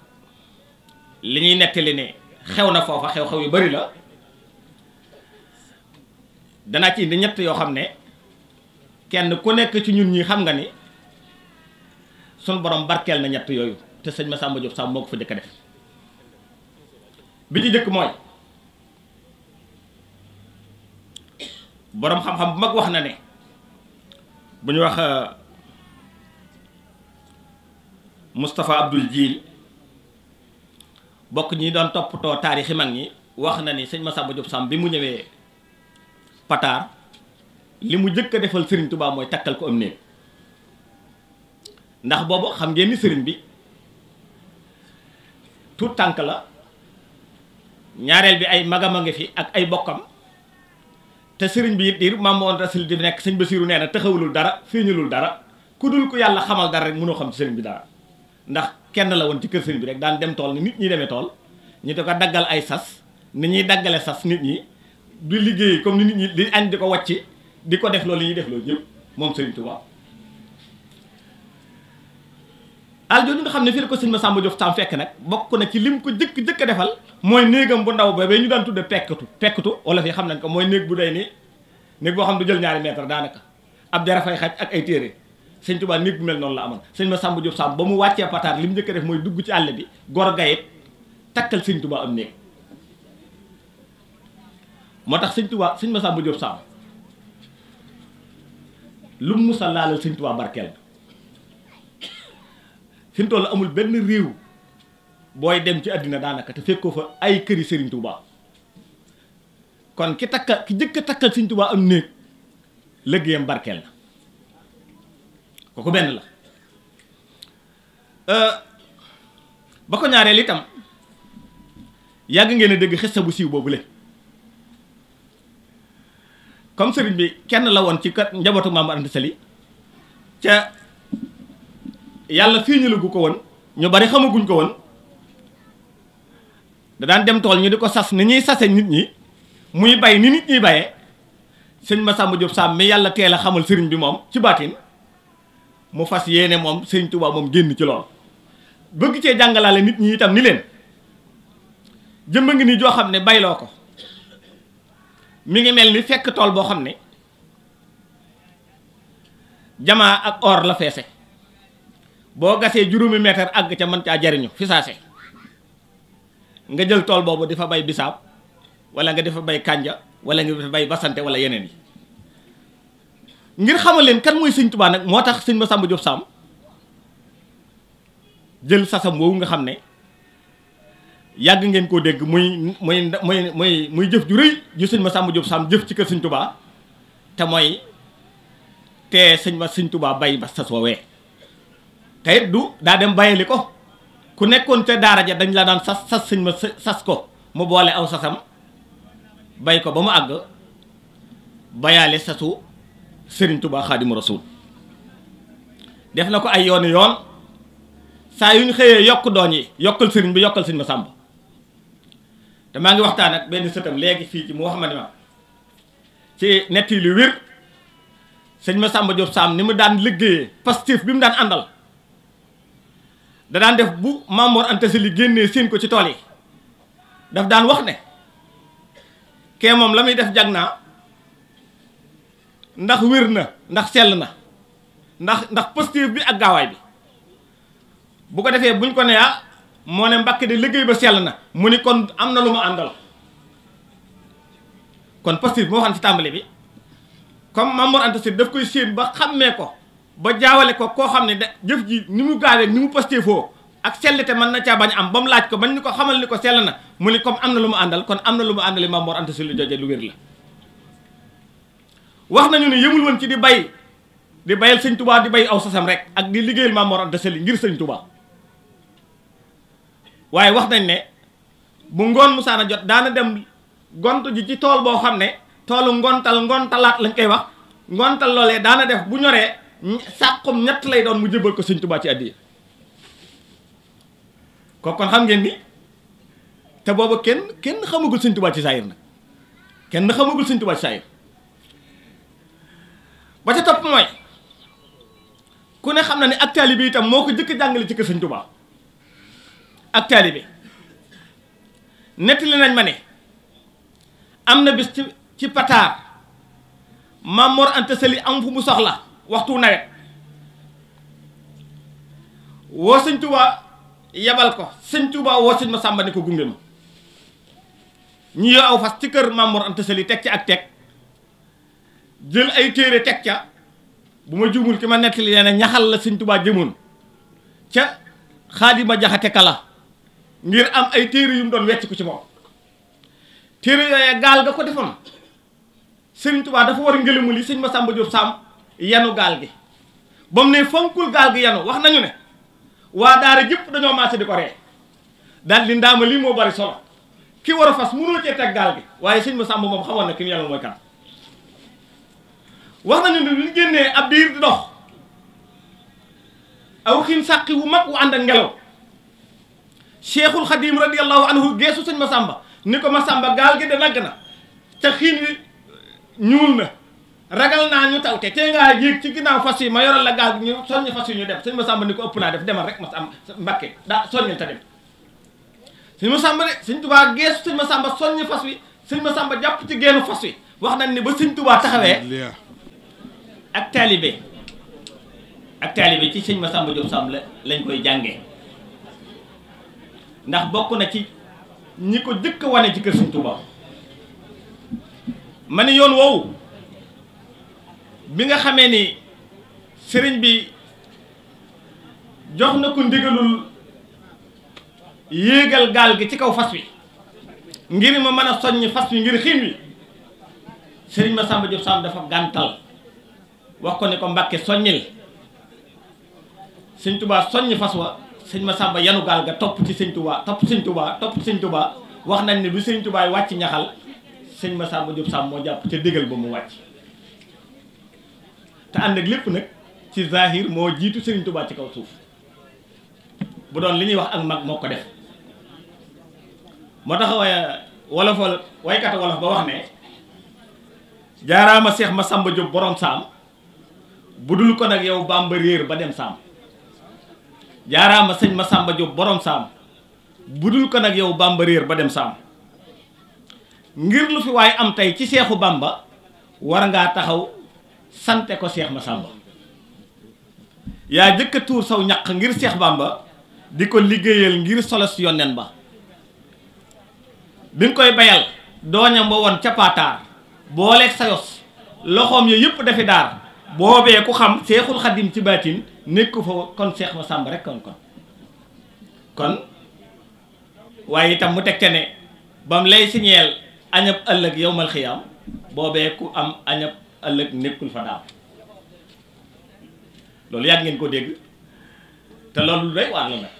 li ñuy nettali ne xew na foofa xew-xew yu bari la danaa ci indi ñett yoo xam ne kenn ku nekk ci ñun ñi xam nga ni sun borom barkeel na ñett yooyu te sëñ Massamba Diop Samb moo ko fa jëkk a def bi ci jëkk mooy boroom xam-xam bu mag wax na ne bu ñu wax euh, Moustapha Abdoul Djil bokk ñi doon toppatoo taarixi mag ñi wax na ni sëñ ma Massamba Diop Samb bi mu ñëwee Pataar li mu jëkk a defal sëriñ Touba mooy takkal ko am néeg ndax boobu xam ngeen ni bi tout tànk la ñaareel bi ay magam a ngi fi ak ay bokkam te Serigne bi it diir maam woon rasul di nekk sëñ Basiiru nee na taxawulul dara feeñulul dara ku dul ku yàlla xamal dara rek mënoo xam ci Serigne bi dara. ndax kenn la woon ci kër sëriñ bi rek daan dem tool ni nit ñi demee tool ñu di ko daggal ay sas ni ñuy daggale sas nit ñi du liggéey comme ni nit ñi di añ di ko wàcci di ko def loolu li ñuy def loolu yëpp moom sëriñ Tuubaa al jooju nga xam ne fii la ko sëñ Masamba Diop Sam fekk nag bokk na ci lim ko jëkk jëkk a defal mooy néegam bu ndaw ba ba ñu daan tudde pekkatu pekkatu wala fi xam nañ ko mooy néeg bu day ni néeg boo xam du jël ñaari mètre daanaka ab dara fay xaj ak ay sëñ Tuubaa néeg bu mel noonu la amoon sëñ Masamba Diop Samb ba mu wàccee pataar li mu njëkk a def mooy dugg ci àll bi gor gayet takkal sëñ Tuubaa am néeg moo tax sëñ Tuubaa sëñ Masamba job Samb lu mu musa laalal sëñ Tuubaa barkeel fi mu toll amul benn réew booy dem ci àddina daanaka te fekkoo fa ay këri sëriñ Tuubaa kon ki takkal ki jëkk takkal sëñ Tuubaa am néeg liggéeyam barkeel na kooku benn la euh, ba ko ñaareel itam yàgg ngeen a dégg xista bu siiw le comme sëriñ bi kenn la woon ci kat njabootu Maam Anta Sali ca yàlla fii ñu lagu ko woon ñu bari xamaguñ ko woon da daan dem tool ñu di ko sas ni ñuy sase nit ñi muy bay ni nit ñuy bayee sëñ Masamba jot Sam mi yàlla teel a xamal sëriñ bi moom ci baatin mu fas yéene moom sëñ Tuubaa moom génn ci lool bëgg cee jàngalaale nit ñi itam ni leen jëmba ngi ni joo xam ne bayloo ko mi ngi mel ni fekk tool boo xam ne jamaa ak or la feese boo gasee juróomi meetar àgg ca mën caa jariñu fi nga jël tool boobu di fa bay bisaab wala nga di fa bay kànja wala nga di fa bay basante wala yeneen yi ngir xamal leen kan mooy sëñ Tuubaa nag moo tax sëñ ma Masamba Diop Samb jël sasam woowu nga xam ne yàgg ngeen koo dégg muy muy muy muy muy jëf ju rëy ju sëñ Masamba Diop Samb jëf ci kër sëñ Tuubaa te mooy te sëñ ma sëñ tubaa bàyyi ba sas woowee te it du daa dem bàyyili ko ku nekkoon te daara ja dañ laa daan sas sas sëñ sas ko mu boole aw sasam bay ko ba mu àgg bayaale sasu sëriñ tubaa xaadimu rasuul def na ko ay yoon yoon saa yu ñu xëyee yokk doon yi yokkal sëriñ bi yokkal sëñ ma sàmb te maa ngi waxtaan ak benn sëtam léegi fii ci mu wax ma ni ma ci netti lu wér sëñ ma sàmba Diop Sam ni mu daan liggéeyee pastif bi mu daan àndal da daan def bu Mamor Anta Sali génnee seen ko ci tool yi daf daan wax ne kee moom la muy def jag naa ndax wér na ndax sell na ndax ndax positif bi ak gaawaay bi bu ko defee buñ ko nee ah, moo ne mbàkk de liggéey ba sell na mu ni kon am na lu ma àndal kon positif bi xam ci tàmbali bi comme Mamour Anta Sall daf koy séen ba xàmmee ko ba xam ne da jëf ji ni mu gaawee ni mu positifoo ak sellite mën na caa bañ am ba mu laaj ko ko xamal ni ko na mu ni comme am na lu ma àndal kon am na lu ma àndali Mamour Anta lu wér la wax nañu ne yëmul woon ci di bay di bayal sëñ tubaa di bay aw sasam rek ak di liggéeyal maam Mor Anta Sali ngir sëñ tubaa waaye wax nañ ne bu ngoon musaana jot daana dem gont ji ci tool boo xam ne toolu ngontal ngontalaat lañ koy wax ngontal loole daana def bu ñoree sàqum ñett lay doon mu jëbal ko sëñ tubaa ci addiya ko kon xam ngeen ni te booba kenn kenn xamagul sëñ tubaa ci saayir nag kenn xamagul sëñ tubaa ci saayir ba ca topp mooy ku ne xam na ne ak taalibe itam moo ko jëkk jàngale ci kër Sëñ Tuubaa ak taalibe nettali nañ ma ne am na bis ci ci pataar Maam Mor Anta Sali am fu mu soxla waxtu nawet woo Sëñ Tuubaa yebal ko Sëñ tubaa woo Sëñ Masàmba ne ko gunge ma ñu yow aw fas ci kër Maam Mor Anta teg ci ak teg jël ay téere teg ca bu ma juumul ki ma nettali nee na ñaxal la sëñ Tuubaa jëmoon ca xaadima jaxate kala ngir am ay téere yu mu doon wecc ko ci moom téere yooye gaal ga ko defoon sëñ Tuubaa dafa war ngëlamu li sëñ ma Masamba Diop Samb yanu gaal gi ba mu ne fonkul gaal gi yanu wax nañu ne waa daara jëpp dañoo maase di ko ree daal di ndaama lii moo bari solo ki war a fas mënoo cee teg gaal gi waaye sëñ Masamba moom xamoon na ki mu yanu mooy kan wax nañu ne lu génnee ab diir di dox aw xiin sàqi wu mag wu ànd ak ngelaw cheikhul xadim radiallahu anhu geesu sëñ ma Masamba ni ko ma sàmba gaal gi de nagg na te xiin wi ñuul na ragal naa ñu tawte te ngaa yéeg ci ginnaaw fas yi ma yoral la gaal gi ñu soññ fas yi ñu dem sëñ Masamba ni ko ëpp naa def demal rek Masamba Mbàkke daa soññal te dem sëñ sàmba de sëñ Tubaa geesu sëñ sàmba soññ fas wi sëñ ma sàmba jàpp ci geenu fas wi wax nañ ni ba sëñ Tubaa ak taalibe ak taalibe ci sëñ ma Diop Samb la lañ koy jànge ndax bokk na ci ñi ko dëkk wane ci kër sëñ Touba ma yoon woowu bi nga xamee ni sëriñ bi jox na ko ndigalul yéegal gaal gi ci kaw fas wi ngir ma mën a soññ fas wi ngir xiin wi sëriñ Massamba Diop Samb dafa gàntal wax ko ni ko mbàkke soññil sëñ tubaa soññ fas wa sëñ ma sàmba yanu gaal ga topp ci sëñ tubaa topp sëñ tubaa topp sëñ tubaa wax nañ ne bi sëñ tubaay wàcc ñaxal sëñ ma sàmba jóob sàmm moo jàpp ca digal ba mu wàcc te ànd ak lépp nag ci zahir moo jiitu sëñ tubaa ci kaw suuf bu doon li ñuy wax ak mag moo ko def moo tax wolofal waykat wolof ba wax ne jaaraama seex ma sàmba jóob borom saam bu dul ko nag yow bàmba réer ba dem saam jaaraama sëñ ma sàmba Jóob boroom saam bu dul ko nag yow bàmba réer ba dem saam ngir lu fi waaye am tey ci seexu bàmba war ngaa taxaw sante ko seex ma sàmba yaa jëkk a tuur saw ñaq ngir seex bàmba di ko liggéeyal ngir solos yonnen ba bi nga koy bayal dooñam ba woon ca paataar booleeg sayos loxoom ya yëpp dafi daar boobee ku xam seexul xadim ci baatin nekku fa kon seex ma sàmb rek kon kon kon waaye itam mu teg ca ne bam lay siñeel añab ëllëg yowmal xiyaam boobee ku am añab ëllëg nekkul fa daaw loolu yàgg ngeen ko dégg te loolu day doy waar la nag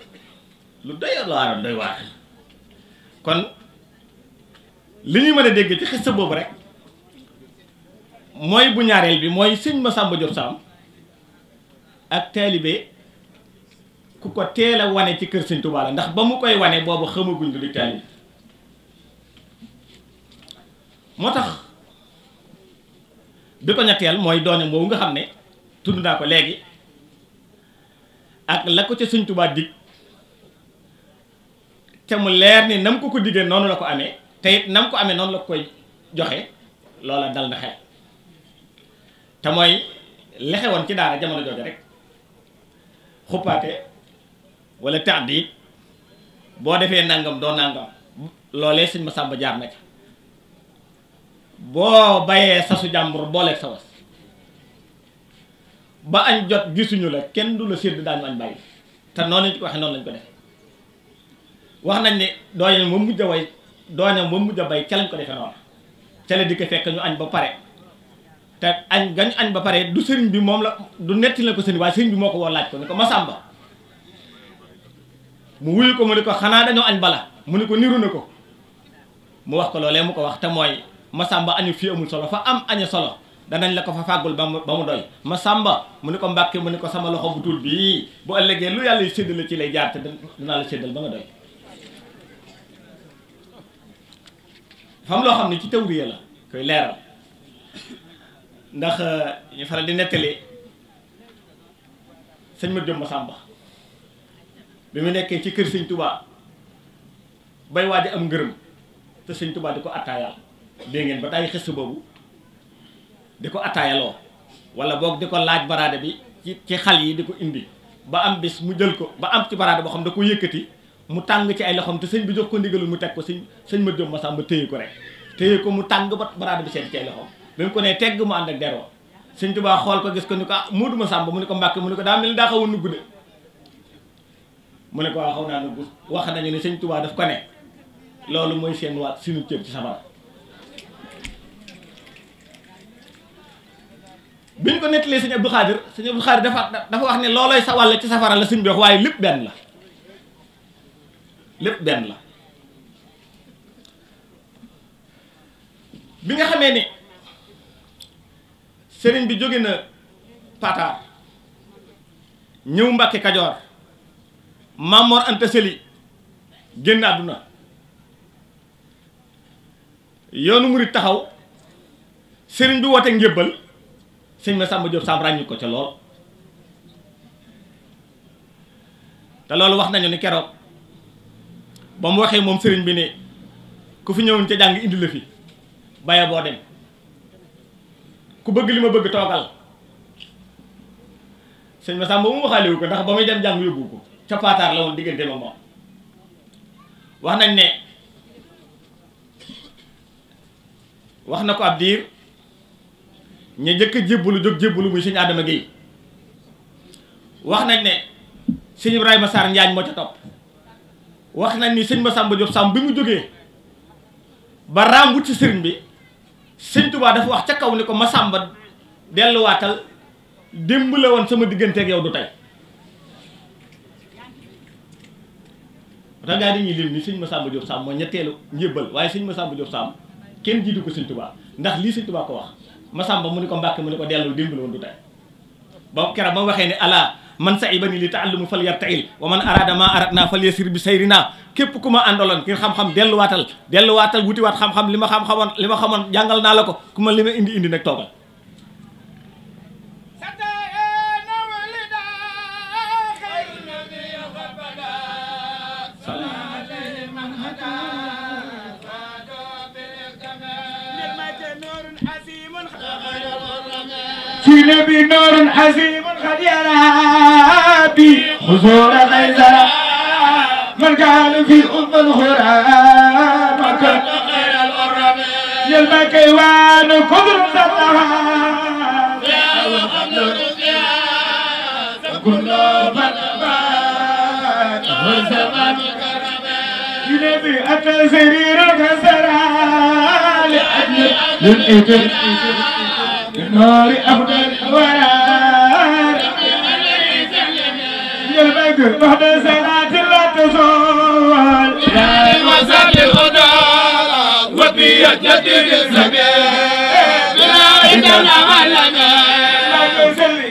lu doy waar doy waar kon li ñuy mën a dégg ci xista boobu rek mooy bu ñaareel bi mooy sëñ Masamba Diop Sam ak taalibe ku ko teel wane ci kër sëñ Tuubaa la ndax ba mu koy wane boobu xëmaguñ lu di taalibe moo tax bi ko ñetteel mooy doone boobu nga xam ne tudd naa ko léegi ak la ko ci sëñ Tuubaa dig te mu leer ni nam ko ko diggee noonu la ko amee te nam ko amee noonu la koy joxe loola dal na xel te mooy lexe woon ci daara jamono jooju rek xuppaate wala tàddiit boo defee nangam doo nangam loolee sëñ ma sàmba jaar na ca boo bayee sasu jàmbur booleeg sa was ba añ jot gisuñu la kenn du la sédd daañu añ bàyyi te noonu lañ ko waxee lañ ko defee wax nañ ne dooñam ba mujj a way dooñam ba mujj a bay ca lañ ko defee noonu ca la di fekk ñu añ ba pare te añ gañ añ ba pare du sëriñ bi moom la du netti la ko sëriñ waaye sëriñ bi moo ko woo laaj ko ni ko Masamba mu wuyu ko mu ne ko xanaa dañoo añ bala mu ne ko niiru na ko mu wax ko loolee mu ko wax te mooy Masamba añu fi amul solo fa am añu solo danañ la ko fa fàggul ba mu ba ma sàmba mu ne ko Mbàkke mu ne ko sama loxo bu tuut bii bu ëllëgee lu yàlla séddale ci lay jaar te dinaa la séddal ba nga doy fam loo xam ne ci tawriya la koy leeral ndax euh, ñu faral di nettali sëñ ma jomb sàmba bi mu nekkee ci kër sëñ tubaa bay waa di am ngërëm te sëñ tubaa di ko attaayaal dégg ngeen ba tàyyi xëstu boobu di ko attaayaloo wala boog di ko laaj baraade bi ci ci xal yi di ko indi ba am bis mu jël ko ba am ci baraade boo xam da ko yëkkati mu tàng ci ay loxom te sëñ bi jox ko ndigalul mu teg ko sëñ sëñ ma jomb sàmba téye ko rek téye ko mu tàng ba baraade bi seet ci ay loxoom bi mu ko nee tegg mu ànd ak deroo Sëñ Tuubaa xool ko gis ko ni ko ah Muudu Masamba mu ne ko Mbàkke mu ne ko daa mel ni daa xaw nugg de mu ne ko waa xaw naa nugg wax nañu ne Sëñ Tuubaa daf ko ne loolu mooy seen waat sunu cër ci safara biñ ko nettalee Sëñ Abdou Khadir Sëñ Abdou Khadir dafa dafa wax ne loolooy sa wàll ci safara la sëñ bi waaye lépp benn la lépp benn la bi nga xamee ni sëriñ bi jóge na Pataar ñëw Mbàkke Kajoor Mamor Anta Sëli génn àdduna yoonu murit taxaw sëriñ bi woote njébbal sëñ ma Samba Diop sam ràññi ko ci lool te loolu wax nañu ni keroog ba mu waxee moom sëriñ bi ne ku fi ñëwoon ca jàng indi la fi baye boo dem ku bëgg li ma bëgg toogal sëñ Masamba mu waxaale ko ndax ba muy dem jàng yóbbu ko ca paataar la woon diggante ma moom wax nañ ne wax na ko ab diir ñu njëkk a jébbalu jóg jébbalu muy sëñ Adama Guèye wax nañ ne sëñ Ibrahima Sarr Njaañ moo ca topp wax nañ ni sëñ Masamba Diop Samb bi mu jógee ba raam ci sëriñ bi. sëñ Tuubaa dafa wax ca kaw ni ko ma Masamba delluwaatal démb la woon sama digganteek yow du tey ragaa di ñuy lim ni sëñ Masamba Diop Samb mooy ñetteelu njébbal waaye sëñ Masamba Diop Samb kenn jiitu ko sëñ Tuubaa ndax lii sëñ Tuubaa ko wax Masamba mu ni ko Mbàkke mu ni ko dellu démb la woon du tey ba keroog ba waxee ne ala man sa saibani li taallumu fal yartail wa man arada ma aradna fal yasir bi na képp ku ma àndaloon ngir xam-xam delluwaatal delluwaatal wutiwaat xam-xam li ma xam-xamoon li ma xamoon jàngal naa la ko ku ma li ma indi indi nag toogal في نبي نور عزيم قد يرى بي حضور غيزرى من قال في أم الهرى مكان خير الأرم يلما كيوان كبر زرها يا وحمد رسيا فكل بلبان وزمان ينبي أتى زرير الغزرى لأجل للإبن لنور أفضل الورى يلبك بعد صلاة لا تزول يا المسجد الخضر وفي جديد الزمان لا إله إلا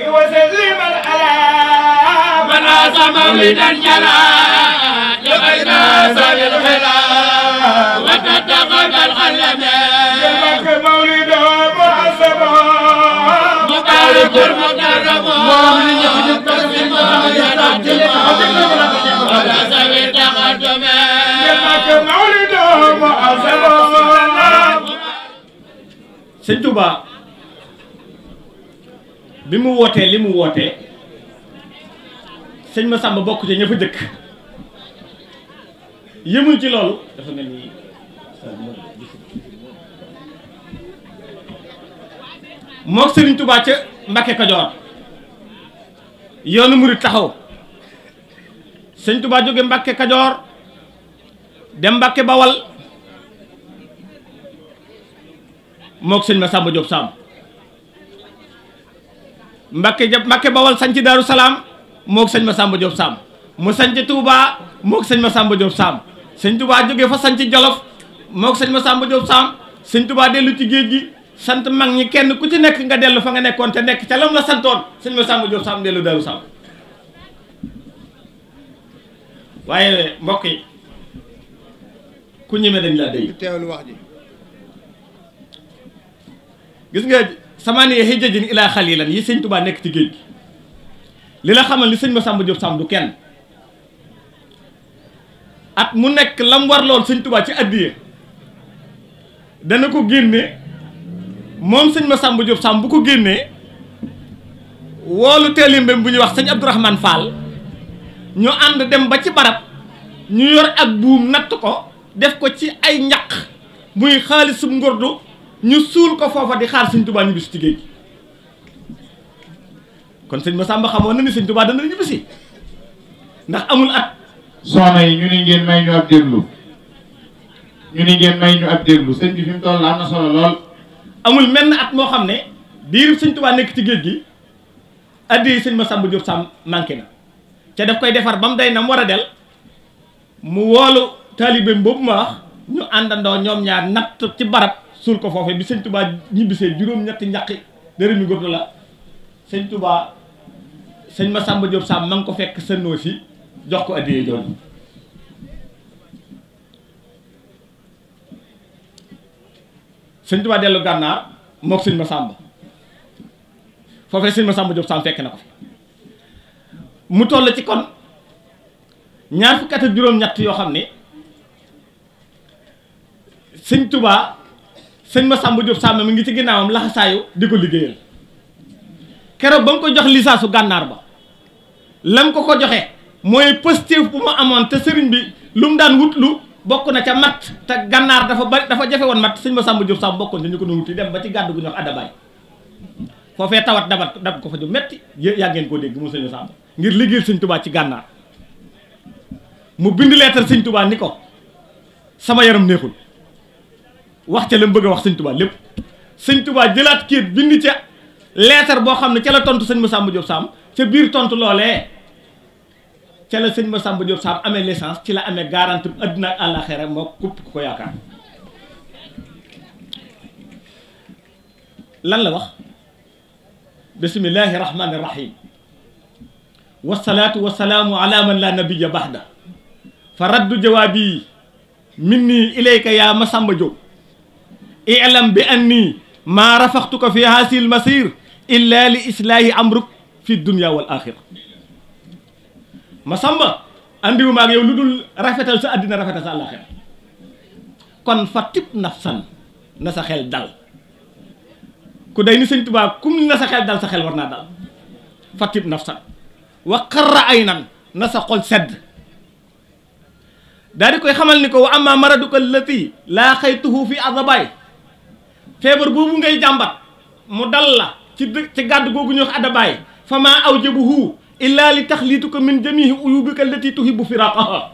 وسلم الألام من عظم من الجلال لغير سبيل الخلال sëñ Touba bi mu wootee li mu wootee sëñ Massamba bokk ci ña fa jëkk yëmul ci loolu dafa mel ni mook ca Mbacke Kajoor yoonu murit taxaw sëñ Touba jóge Mbacke Kajoor dem Mbacke Bawal mook sëñ Massamba Diop Samb Mbacke ja Mbacke Bawal sanc Daaru Salaam moo sëñ Massamba Diop Samb mu sanc Touba mook sëñ Massamba Diop Samb sëñ Touba jóge fa sanc Jolof mook sëñ Massamba Diop Samb sëñ Touba dellu ci géej gi sant mag ñi kenn ku ci nekk nga dellu fa nga nekkoon te nekk ca lam la santoon sëñ ma sàmm Jóob sàmm dellu daaru sàmm waaye mbokk yi ku ñeme dañ laa dey teewlu wax ji gis nga samaani hijjajin ilaa xalilan yi sëñ Tuubaa nekk ci géej gi li la xamal li sëñ ma sàmm Jóob sàmm du kenn at mu nekk lam war lool sëñ Tuubaa ci addiya dana ko génne moom sëñ Massamba Diop Samb bu ko génnee woolu teelimbeem bu ñuy wax sëñ Abdourahmane Fall ñu ànd dem ba ci barab ñu yor ak buum natt ko def ko ci ay njaq muy xaalisum ngordu ñu suul ko foofa di xaar sëñ Tuubaa ñibbisi ci géej gi kon sëñ Massamba xamoon na ni sëñ Tuubaa dana ñibbisi ndax amul at soxna yi ñu ni ngeen may ñu ab déglu ñu ni ngeen may ñu ab déglu sëñ bi fi mu toll am na solo lool amul menn at moo xam ne diiru sëñ Tuubaa nekk ci géej gi addi yi sëñ Masamba Diop Samb manqué na ca daf koy defar ba mu day na mu war a del mu woolu taalibeem boobu ma wax ñu àndandoo ñoom ñaar natt ci barab suul ko foofee bi sëñ Tuubaa ñibbisee juróom-ñetti ñaqi dërëm yu góor la sëñ Tuubaa sëñ Masamba Diop Samb ma ngi ko fekk sënnoo si jox ko addi yi jooju sëñ Tuubaa dellu gànnaar mook sëñ Masamba foofee sëñ Masamba Jóob Sall fekk na ko fi mu toll ci kon ñaar fukki at juróom-ñett yoo xam ne sëñ Tuubaa sëñ Masamba Jóob Sall mi ngi ci ginnaawam laxasaayu di ko liggéeyal keroog ba mu ko jox lisaasu gànnaar ba lam ko ko joxe mooy positif bu ma amoon te sëriñ bi lu mu daan wutlu bokk na ca matt te gànnaar dafa bari dafa jafe woon matt sëñ ma sàmm Jóob sàmm bokkoon dañu ko doon wuti dem ba ci gàddu gu ñuy wax addabaay foofee tawat dabat dab ko fa metti yàgg ngeen koo dégg mu sëñ ma sàmm ngir liggéeyal sëñ ci gànnaar mu bind leetar sëñ ni ko sama yaram neexul wax ca la bëgg a wax sëñ tubaa lépp jëlaat kiit bind ca leetar boo xam ne ca tontu sëñ ma sàmm Jóob sàmm ca biir tontu loolee ca la sëñ Massamba Diop Samb amee licence ci la amee garanti àddina ak àllaaxira moo kupp ku ko yaakaar lan la wax bismillahi rahmani rahim wasalaatu wasalaamu ala man la nabiya baxda fa raddu jawaabi minni ilayka yaa Massamba Diop ilam bi anni maa rafaxtuka fi hasil masir illa li islaahi amruk fi dunia wal axira ma samba andiwu ma yow lu dul rafetal sa àddina rafetal sa àllaxira kon fa tib nafsan na sa xel dal ku day ni sëñ tubaab kum na sa xel dal sa xel war naa dal fa tib nafsan wa qarra aynan na sa xol sedd daal di koy xamal ni ko wa amma maraduka lati laa xaytuhu fi adabaay feebar boobu ngay jàmbat mu dal la ci dë ci gàdd googu ñuy wax adabaay fa maa awjabuhu illaa li taxliituka min jamihi uyubika allati tuhibbu firaqaha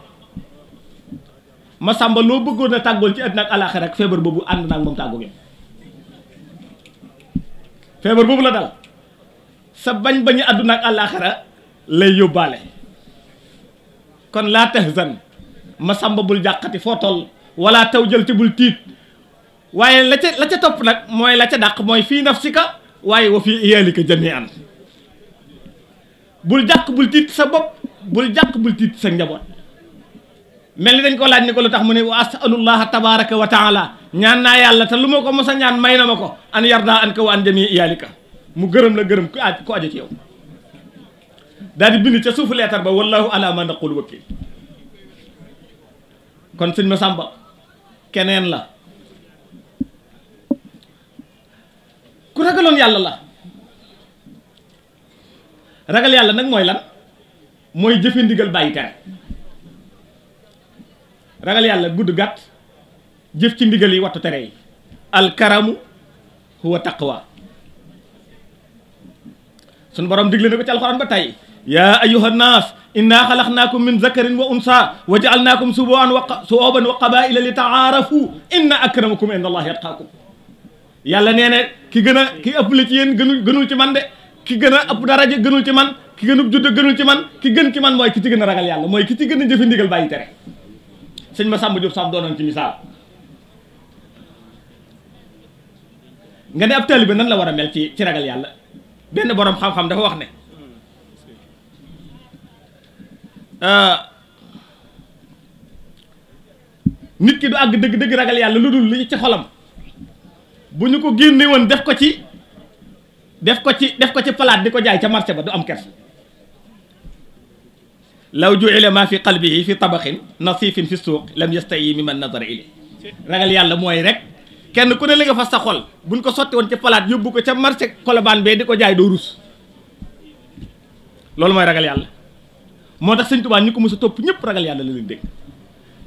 ma sàmba loo bëggoon a tàggool ci àddina ak alaaxira ak feebar boobu ànd naa ak moom tàggu ngeen feebar boobu la dal sa bañ bañu àdduna ak alaaxira lay yóbbaale kon laa tahzan ma sàmba bul jàqati foo toll wala taw jël ci bul tiit waaye la ca la ca topp nag mooy la ca dàq mooy fii nafsika waaye wa fii iyalika jami'an bul jàq bul tiit sa bopp bul jàq bul tiit sa njaboot mel ni dañ ko laaj ni ko lu tax mu ne wa asalullaha tabaraka wa taala ñaan naa yàlla te lu ma ko mos a ñaan may na ma ko an yarda an ka wa an jami iyalika mu gërëm la gërëm ku aaj ko ajo ci yow daal bind ca suuf leetar ba wallahu ala ma naqul wakil kon sëñ ma sàmba keneen la ku ragaloon yàlla la ragal yàlla nag mooy lan mooy jëfe ndigal bàyyi tere ragal yàlla gudd gàtt jëf ci ndigal yi wattu tere yi alkaramu huwa taqwa sunu borom digle na ko ci ba tey yaa ayuha nnaas inna xalaqnaakum min zakarin wa unsa wa jaalnaakum subuan wa li taarafu inna akramakum inda allahi yatqaakum yàlla nee ne ki gën a ki ëpp la ci yéen ci man de ki gën a ëpp daraja gënul ci man ki gën a judd ci man ki gën ci man mooy ki ci gën a ragal yàlla mooy ki ci gën a jëfe ndigal bàyyi tere sëñ ma sàmm Jóob sax doonoon ci misaal nga ne ab taalibe nan la war a mel ci ci ragal yàlla benn boroom xam-xam dafa wax ne ah, nit ki du àgg dëgg dëgg ragal yàlla lu dul li ci xolam bu ñu ko génne def ko ci def ko ci def ko ci palaat di ko jaay ca marché ba du am kers law ju'ila ma fi qalbihi fi tabaxin nasifin fi suuq lam yastayi mi man nazara ilay ragal yàlla mooy rek kenn ku ne li nga sa xol buñ ko sotti woon ci palaat yóbbu ko ca marché kolobaan bee di jaay doo rus loolu mooy ragal yàlla moo tax sëñ Tuubaa ñi ko mos a topp ñëpp ragal yàlla la leen dégg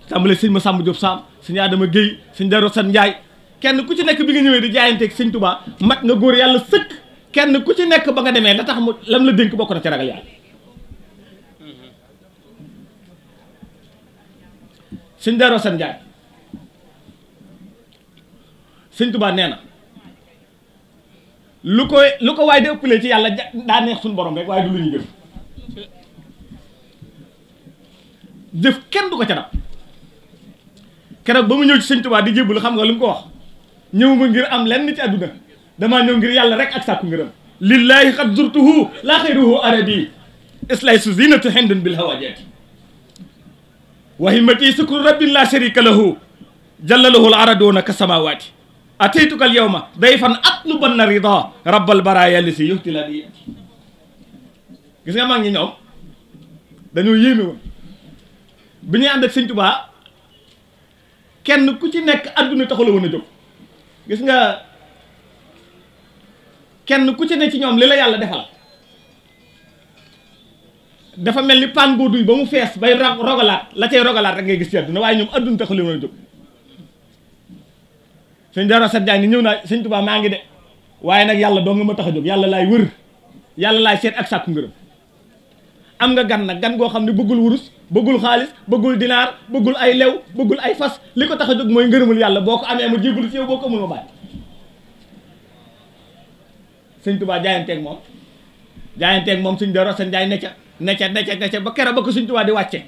tàmbale sëñ sàmb Diop Samb sëñ Adama Guèye suñ Darou San Ndiaye kenn ku ci nekk bi nga ñëwee di jaayanteek sëñ Tuubaa mat nga góor yàlla sëkk kenn ku ci nekk ba nga demee la tax mu lam la dénk bokk a ci ragal yàlla sëñ Darou Assane Ndiaye sëñ Tuubaa nee na lu koy lu ko waaye di ëppalee ci yàlla daa neex suñu borom rek waaye du lu ñu jëf kenn du ko ca dab keroog ba mu ñëw ci sëñ Tuubaa di jébbal xam nga lu mu ko wax ñëw ma ngir am lenn ci àdduna damaa ñëw ngir yàlla rek ak sàkku ngërëm lillahi xad zurtuhu laa xayruhu arabi islay su zinatu xindun bil hawajati wa himmati sukru rabbin la sharika lahu jallalahu al araduna ka samawati ataytuka al yawma dayfan atlubanna rida rabbal baraya li si yuhti la diyati gis nga mag ñi ñoom dañoo yéeme woon bi ñuy ànd ak sëñ Tuubaa kenn ku ci nekk adduna taxu la woon a jóg gis nga kenn ku ci ne ci ñoom li la yàlla defal dafa mel ni paan boo duy ba mu fees bay ra rogalaat la cay rogalaat rek ngay gis ci àdduna waaye ñoom àdduna taxul leen a jóg sëñ Daro Sat Jaan ni ñëw naa sëñ Tuubaa maa ngi de waaye nag yàlla doom nga ma tax a jóg yàlla laay wër yàlla laay seet ak sàkku ngërëm am nga gan nag gan goo xam ne bëggul wurus bëggul xaalis bëggul dinaar bëggul ay lew bëggul ay fas li ko tax a jóg mooy ngërëmul yàlla boo ko amee ma jébbalu boo ko amul ma bàyyi sëñ tubaa jaayanteeg moom jaayanteeg moom sëñ Darou Assane Ndiaye ne ca ne ca ne ca ne ca ba keroog ba ko sëñ tubaa di wàcce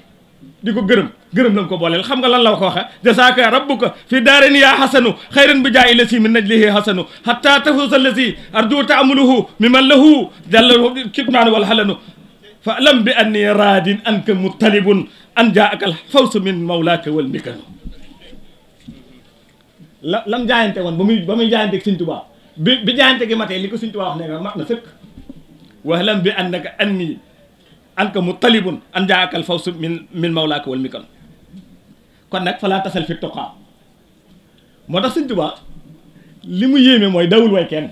di ko gërëm gërëm lañ ko booleel xam nga lan la ko waxe jasaaka rabbuka fi daarin yaa xasanu xayran bi jaayi lasi min najlihi xasanu hatta tafuusa lasi ardu taamuluhu miman lahu jàllahu kitmaanu wal xalanu fa lam bi anni raadin anka muttalibun an jaaka al fawsu min mawlaaka wal mikanu la lam jaayante woon ba muy ba muy jaayanteeg sëñ tubaa bi bi jaante gi matee li ko Sëñ Tuubaa wax ne nga mat na sëkk waxlam bi annaka anni anka muttalibun an jaaka al fawsu min min mawlaaka wal mikal kon nag falaa tasal fi toqaa moo tax Sëñ Tuubaa li mu yéeme mooy dawul way kenn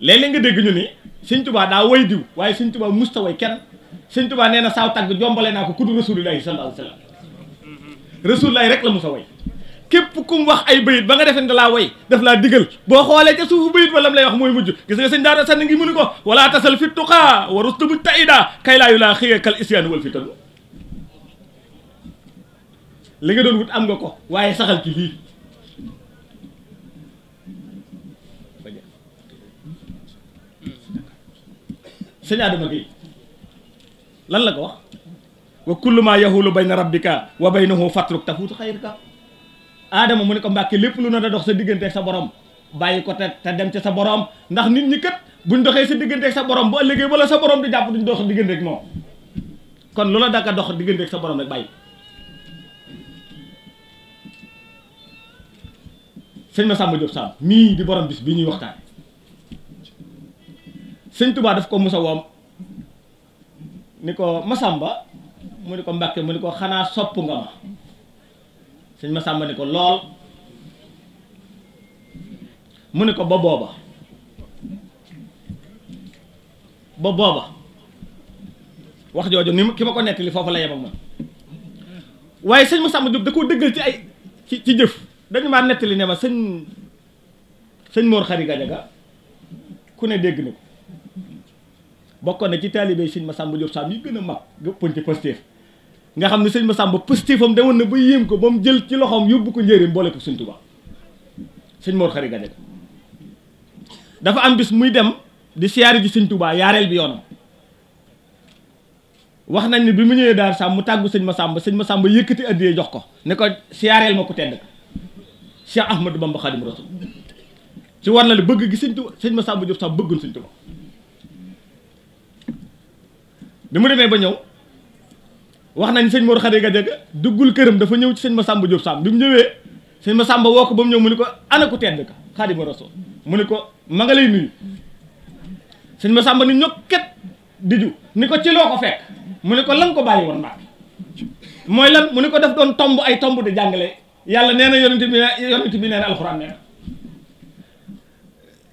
léeg-léeg nga dégg ñu ni Sëñ Tuubaa daa way diw waaye Sëñ Tuubaa musta kenn Sëñ Tuubaa nee na saaw tàgg jombale naa ko kudu rasulillahi sallallahu alayhi wa sallam mm-hmm. rasulillahi rek la musa képp kum wax ay bayit ba nga defe ne dalaa way def laa digal boo xoolee ca suufu bayit ba lam lay wax mooy mujj gis sa sëñ daara sànni ngi mënu ko wala tasal fi tuqaa wa rustubu taida kay laayu laa xëyee kal isyaan wal fi tanu doon wut am nga ko waaye saxal ci lii lan la ko wax wa kullu ma yahulu bayna rabbika wa baynahu fatruk tafuutu xayrika aadama mu ne ko mbàkke lépp lu na da dox sa diggante ak sa borom bàyyi ko te te dem ca sa borom ndax nit ñi kat ñu doxee sa diggante ak sa borom bu ëllëgee wala sa borom di jàpp duñ dox diggante ak moom kon loola daka dox diggante ak sa borom rek bàyyi sëñ ma Samba Diop Samb mii di borom bis bi ñuy waxtaan sëñ Touba daf ko musa woom ni ko Masamba mu ne ko Mbàkke mu ne ko xanaa sopp nga ma sëñ ma sàmba ni ko lool mu ni ko ba booba ba booba wax jooju ni ki ma ko nettali foofu la yem ak man waaye sëñ ma sàmba Jóob da koo dëggal ci ay ci ci jëf dañu maa nettali ne ma sëñ sëñ Mor Xari Gajaga ku ne dégg na ko bokkoon na ci taalibe sëñ ma sàmba Jóob saam yi gën a mag pënc pësteef nga xam ne sëñ Massamba positifam demoon na ba yéem ko ba mu jël ci loxoom yóbbu ko njëriñ boole ko sëñ Tuubaa sëñ Mor Xari Gajaga dafa am muy dem di siyaari ji sëñ Tuubaa yaareel bi yoonam wax nañ ne bi mu ñëwee Daaru Salaam mu tàggu sëñ Massamba sëñ Massamba yëkkati addiyee jox ko ne ko siyaareel ma ko tedd Cheikh Ahmadou Bamba Xaadimu Rasuul ci war na la bëgg gi sëñ Tuubaa sëñ Massamba Diop sax bëggul sëñ Tuubaa bi mu demee ba ñëw wax nañ sëñ Mor Khady Gadiaga duggul këram dafa ñëw ci sëñ Massamba Diop Samb bi mu ñëwee sëñ Massamba woo ko ba mu ñëw mu ni ko ana ko tedd ka Xaadimu Rasuul mu ni ko ma lay nuyu sëñ Massamba ni ñokket diju ni ko ci loo ko fekk mu ni ko lan ko bàyyi woon Mbàkke mooy lan mu ni ko def doon tomb ay tomb di jàngale yàlla nee na yonent bi yonent bi nee na alxuraan nee na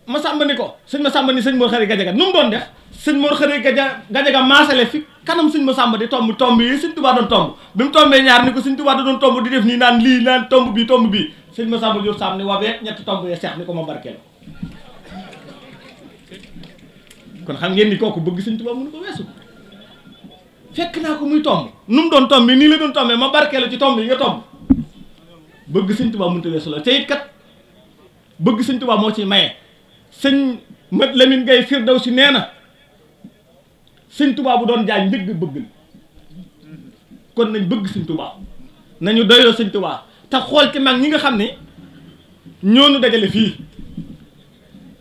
ma sàmba ni ko sëñ ma sàmba ni sëñ Mor Khary Gadiaga nu mu doon def sëñ Mor Khary Gadiaga Gadiaga fi kanam sëñ ma sàmba di tomb tomb yi sëñ Tuubaa doon tomb bi ñaar ni ko sëñ Tuubaa da doon naan lii naan tomb bii tomb bii sëñ ma sàmba jor sàmm ni wabee ñetti tomb yee seex ni ko ma barkeel kon xam ngeen ni kooku bëgg sëñ Tuubaa mënu ko weesu fekk naa ko muy tomb nu mu doon tomb yi nii la doon tombee ma barkeelu ci tomb yi nga tomb bëgg sëñ Tuubaa mënu ta weesu la kat bëgg sëñ moo ci maye sëñ mat Lamine Gaye firdaw si nee na sëñ tubaa bu doon jaay njëgg bëgg la kon nañ bëgg sëñ tubaa nañu doyoo sëñ tubaa te xool ci mag ñi nga xam ne nu dajale fii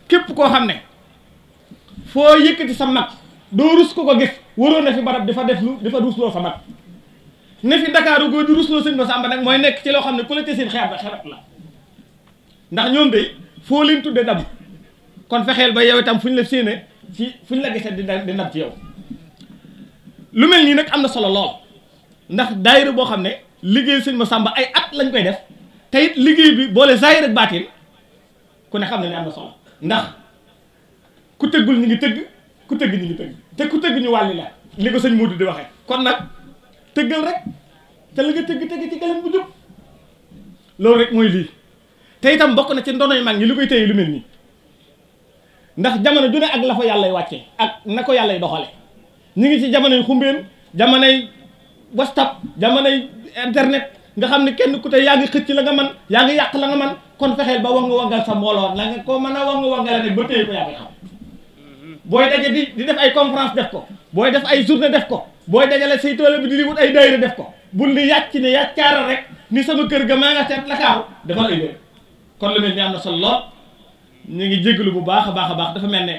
képp koo xam ne foo yëkkati sa mag doo rus ko ko gis waroon na fi barab di fa def lu di fa rusloo sa mag ne fi Dakaaru góor di rusloo sëñ Masamba nag mooy nekk ci loo xam ne ku la te seen xeer xerat la ndax ñoom de foo leen tudde dab kon fexeel ba yow itam fu ñu la séenee ci fu ñu la gisee di di ndam ci yow lu mel ñii nag am na solo lool ndax daayira boo xam ne liggéey sëñ sàmba ay at lañ koy def te liggéey bi boole zaahir ak baatin ku ne xam ne ne ndax ku ñu ngi tëgg ku tëgg ñu ku tëgg ñu la li sëñ Moodu di waxee kon nag tëggal rek te li nga tëgg tëgg ci galan bu jub loolu rek mooy lii tey itam bokk na ci ndonoy mag ñi li koy téye lu mel nii ndax jamono ju ne ak la fa yàllay wàcce ak na ko yàllay doxale ñu ngi ci jamonoy xumbeen jamonoy whatsapp jamonoy internet nga xam ne kenn ku tey yaa ngi xëcc la nga man yaa ngi yàq la nga man kon fexeel ba wanga wangal sa mbooloo la nga ko mën a wanga wangale rek ba téye ko yàlla xam booy daje di di def ay conférence def ko booy def ay journée def ko booy dajalee si toole bi di wut ay daayira def ko bul ni yàcc ne yàccaaral rek ni sama kër ga maa nga seet la kaaru defal kon lu mel ni am na lool ñu ngi jégalu bu baax a baax a baax dafa mel ne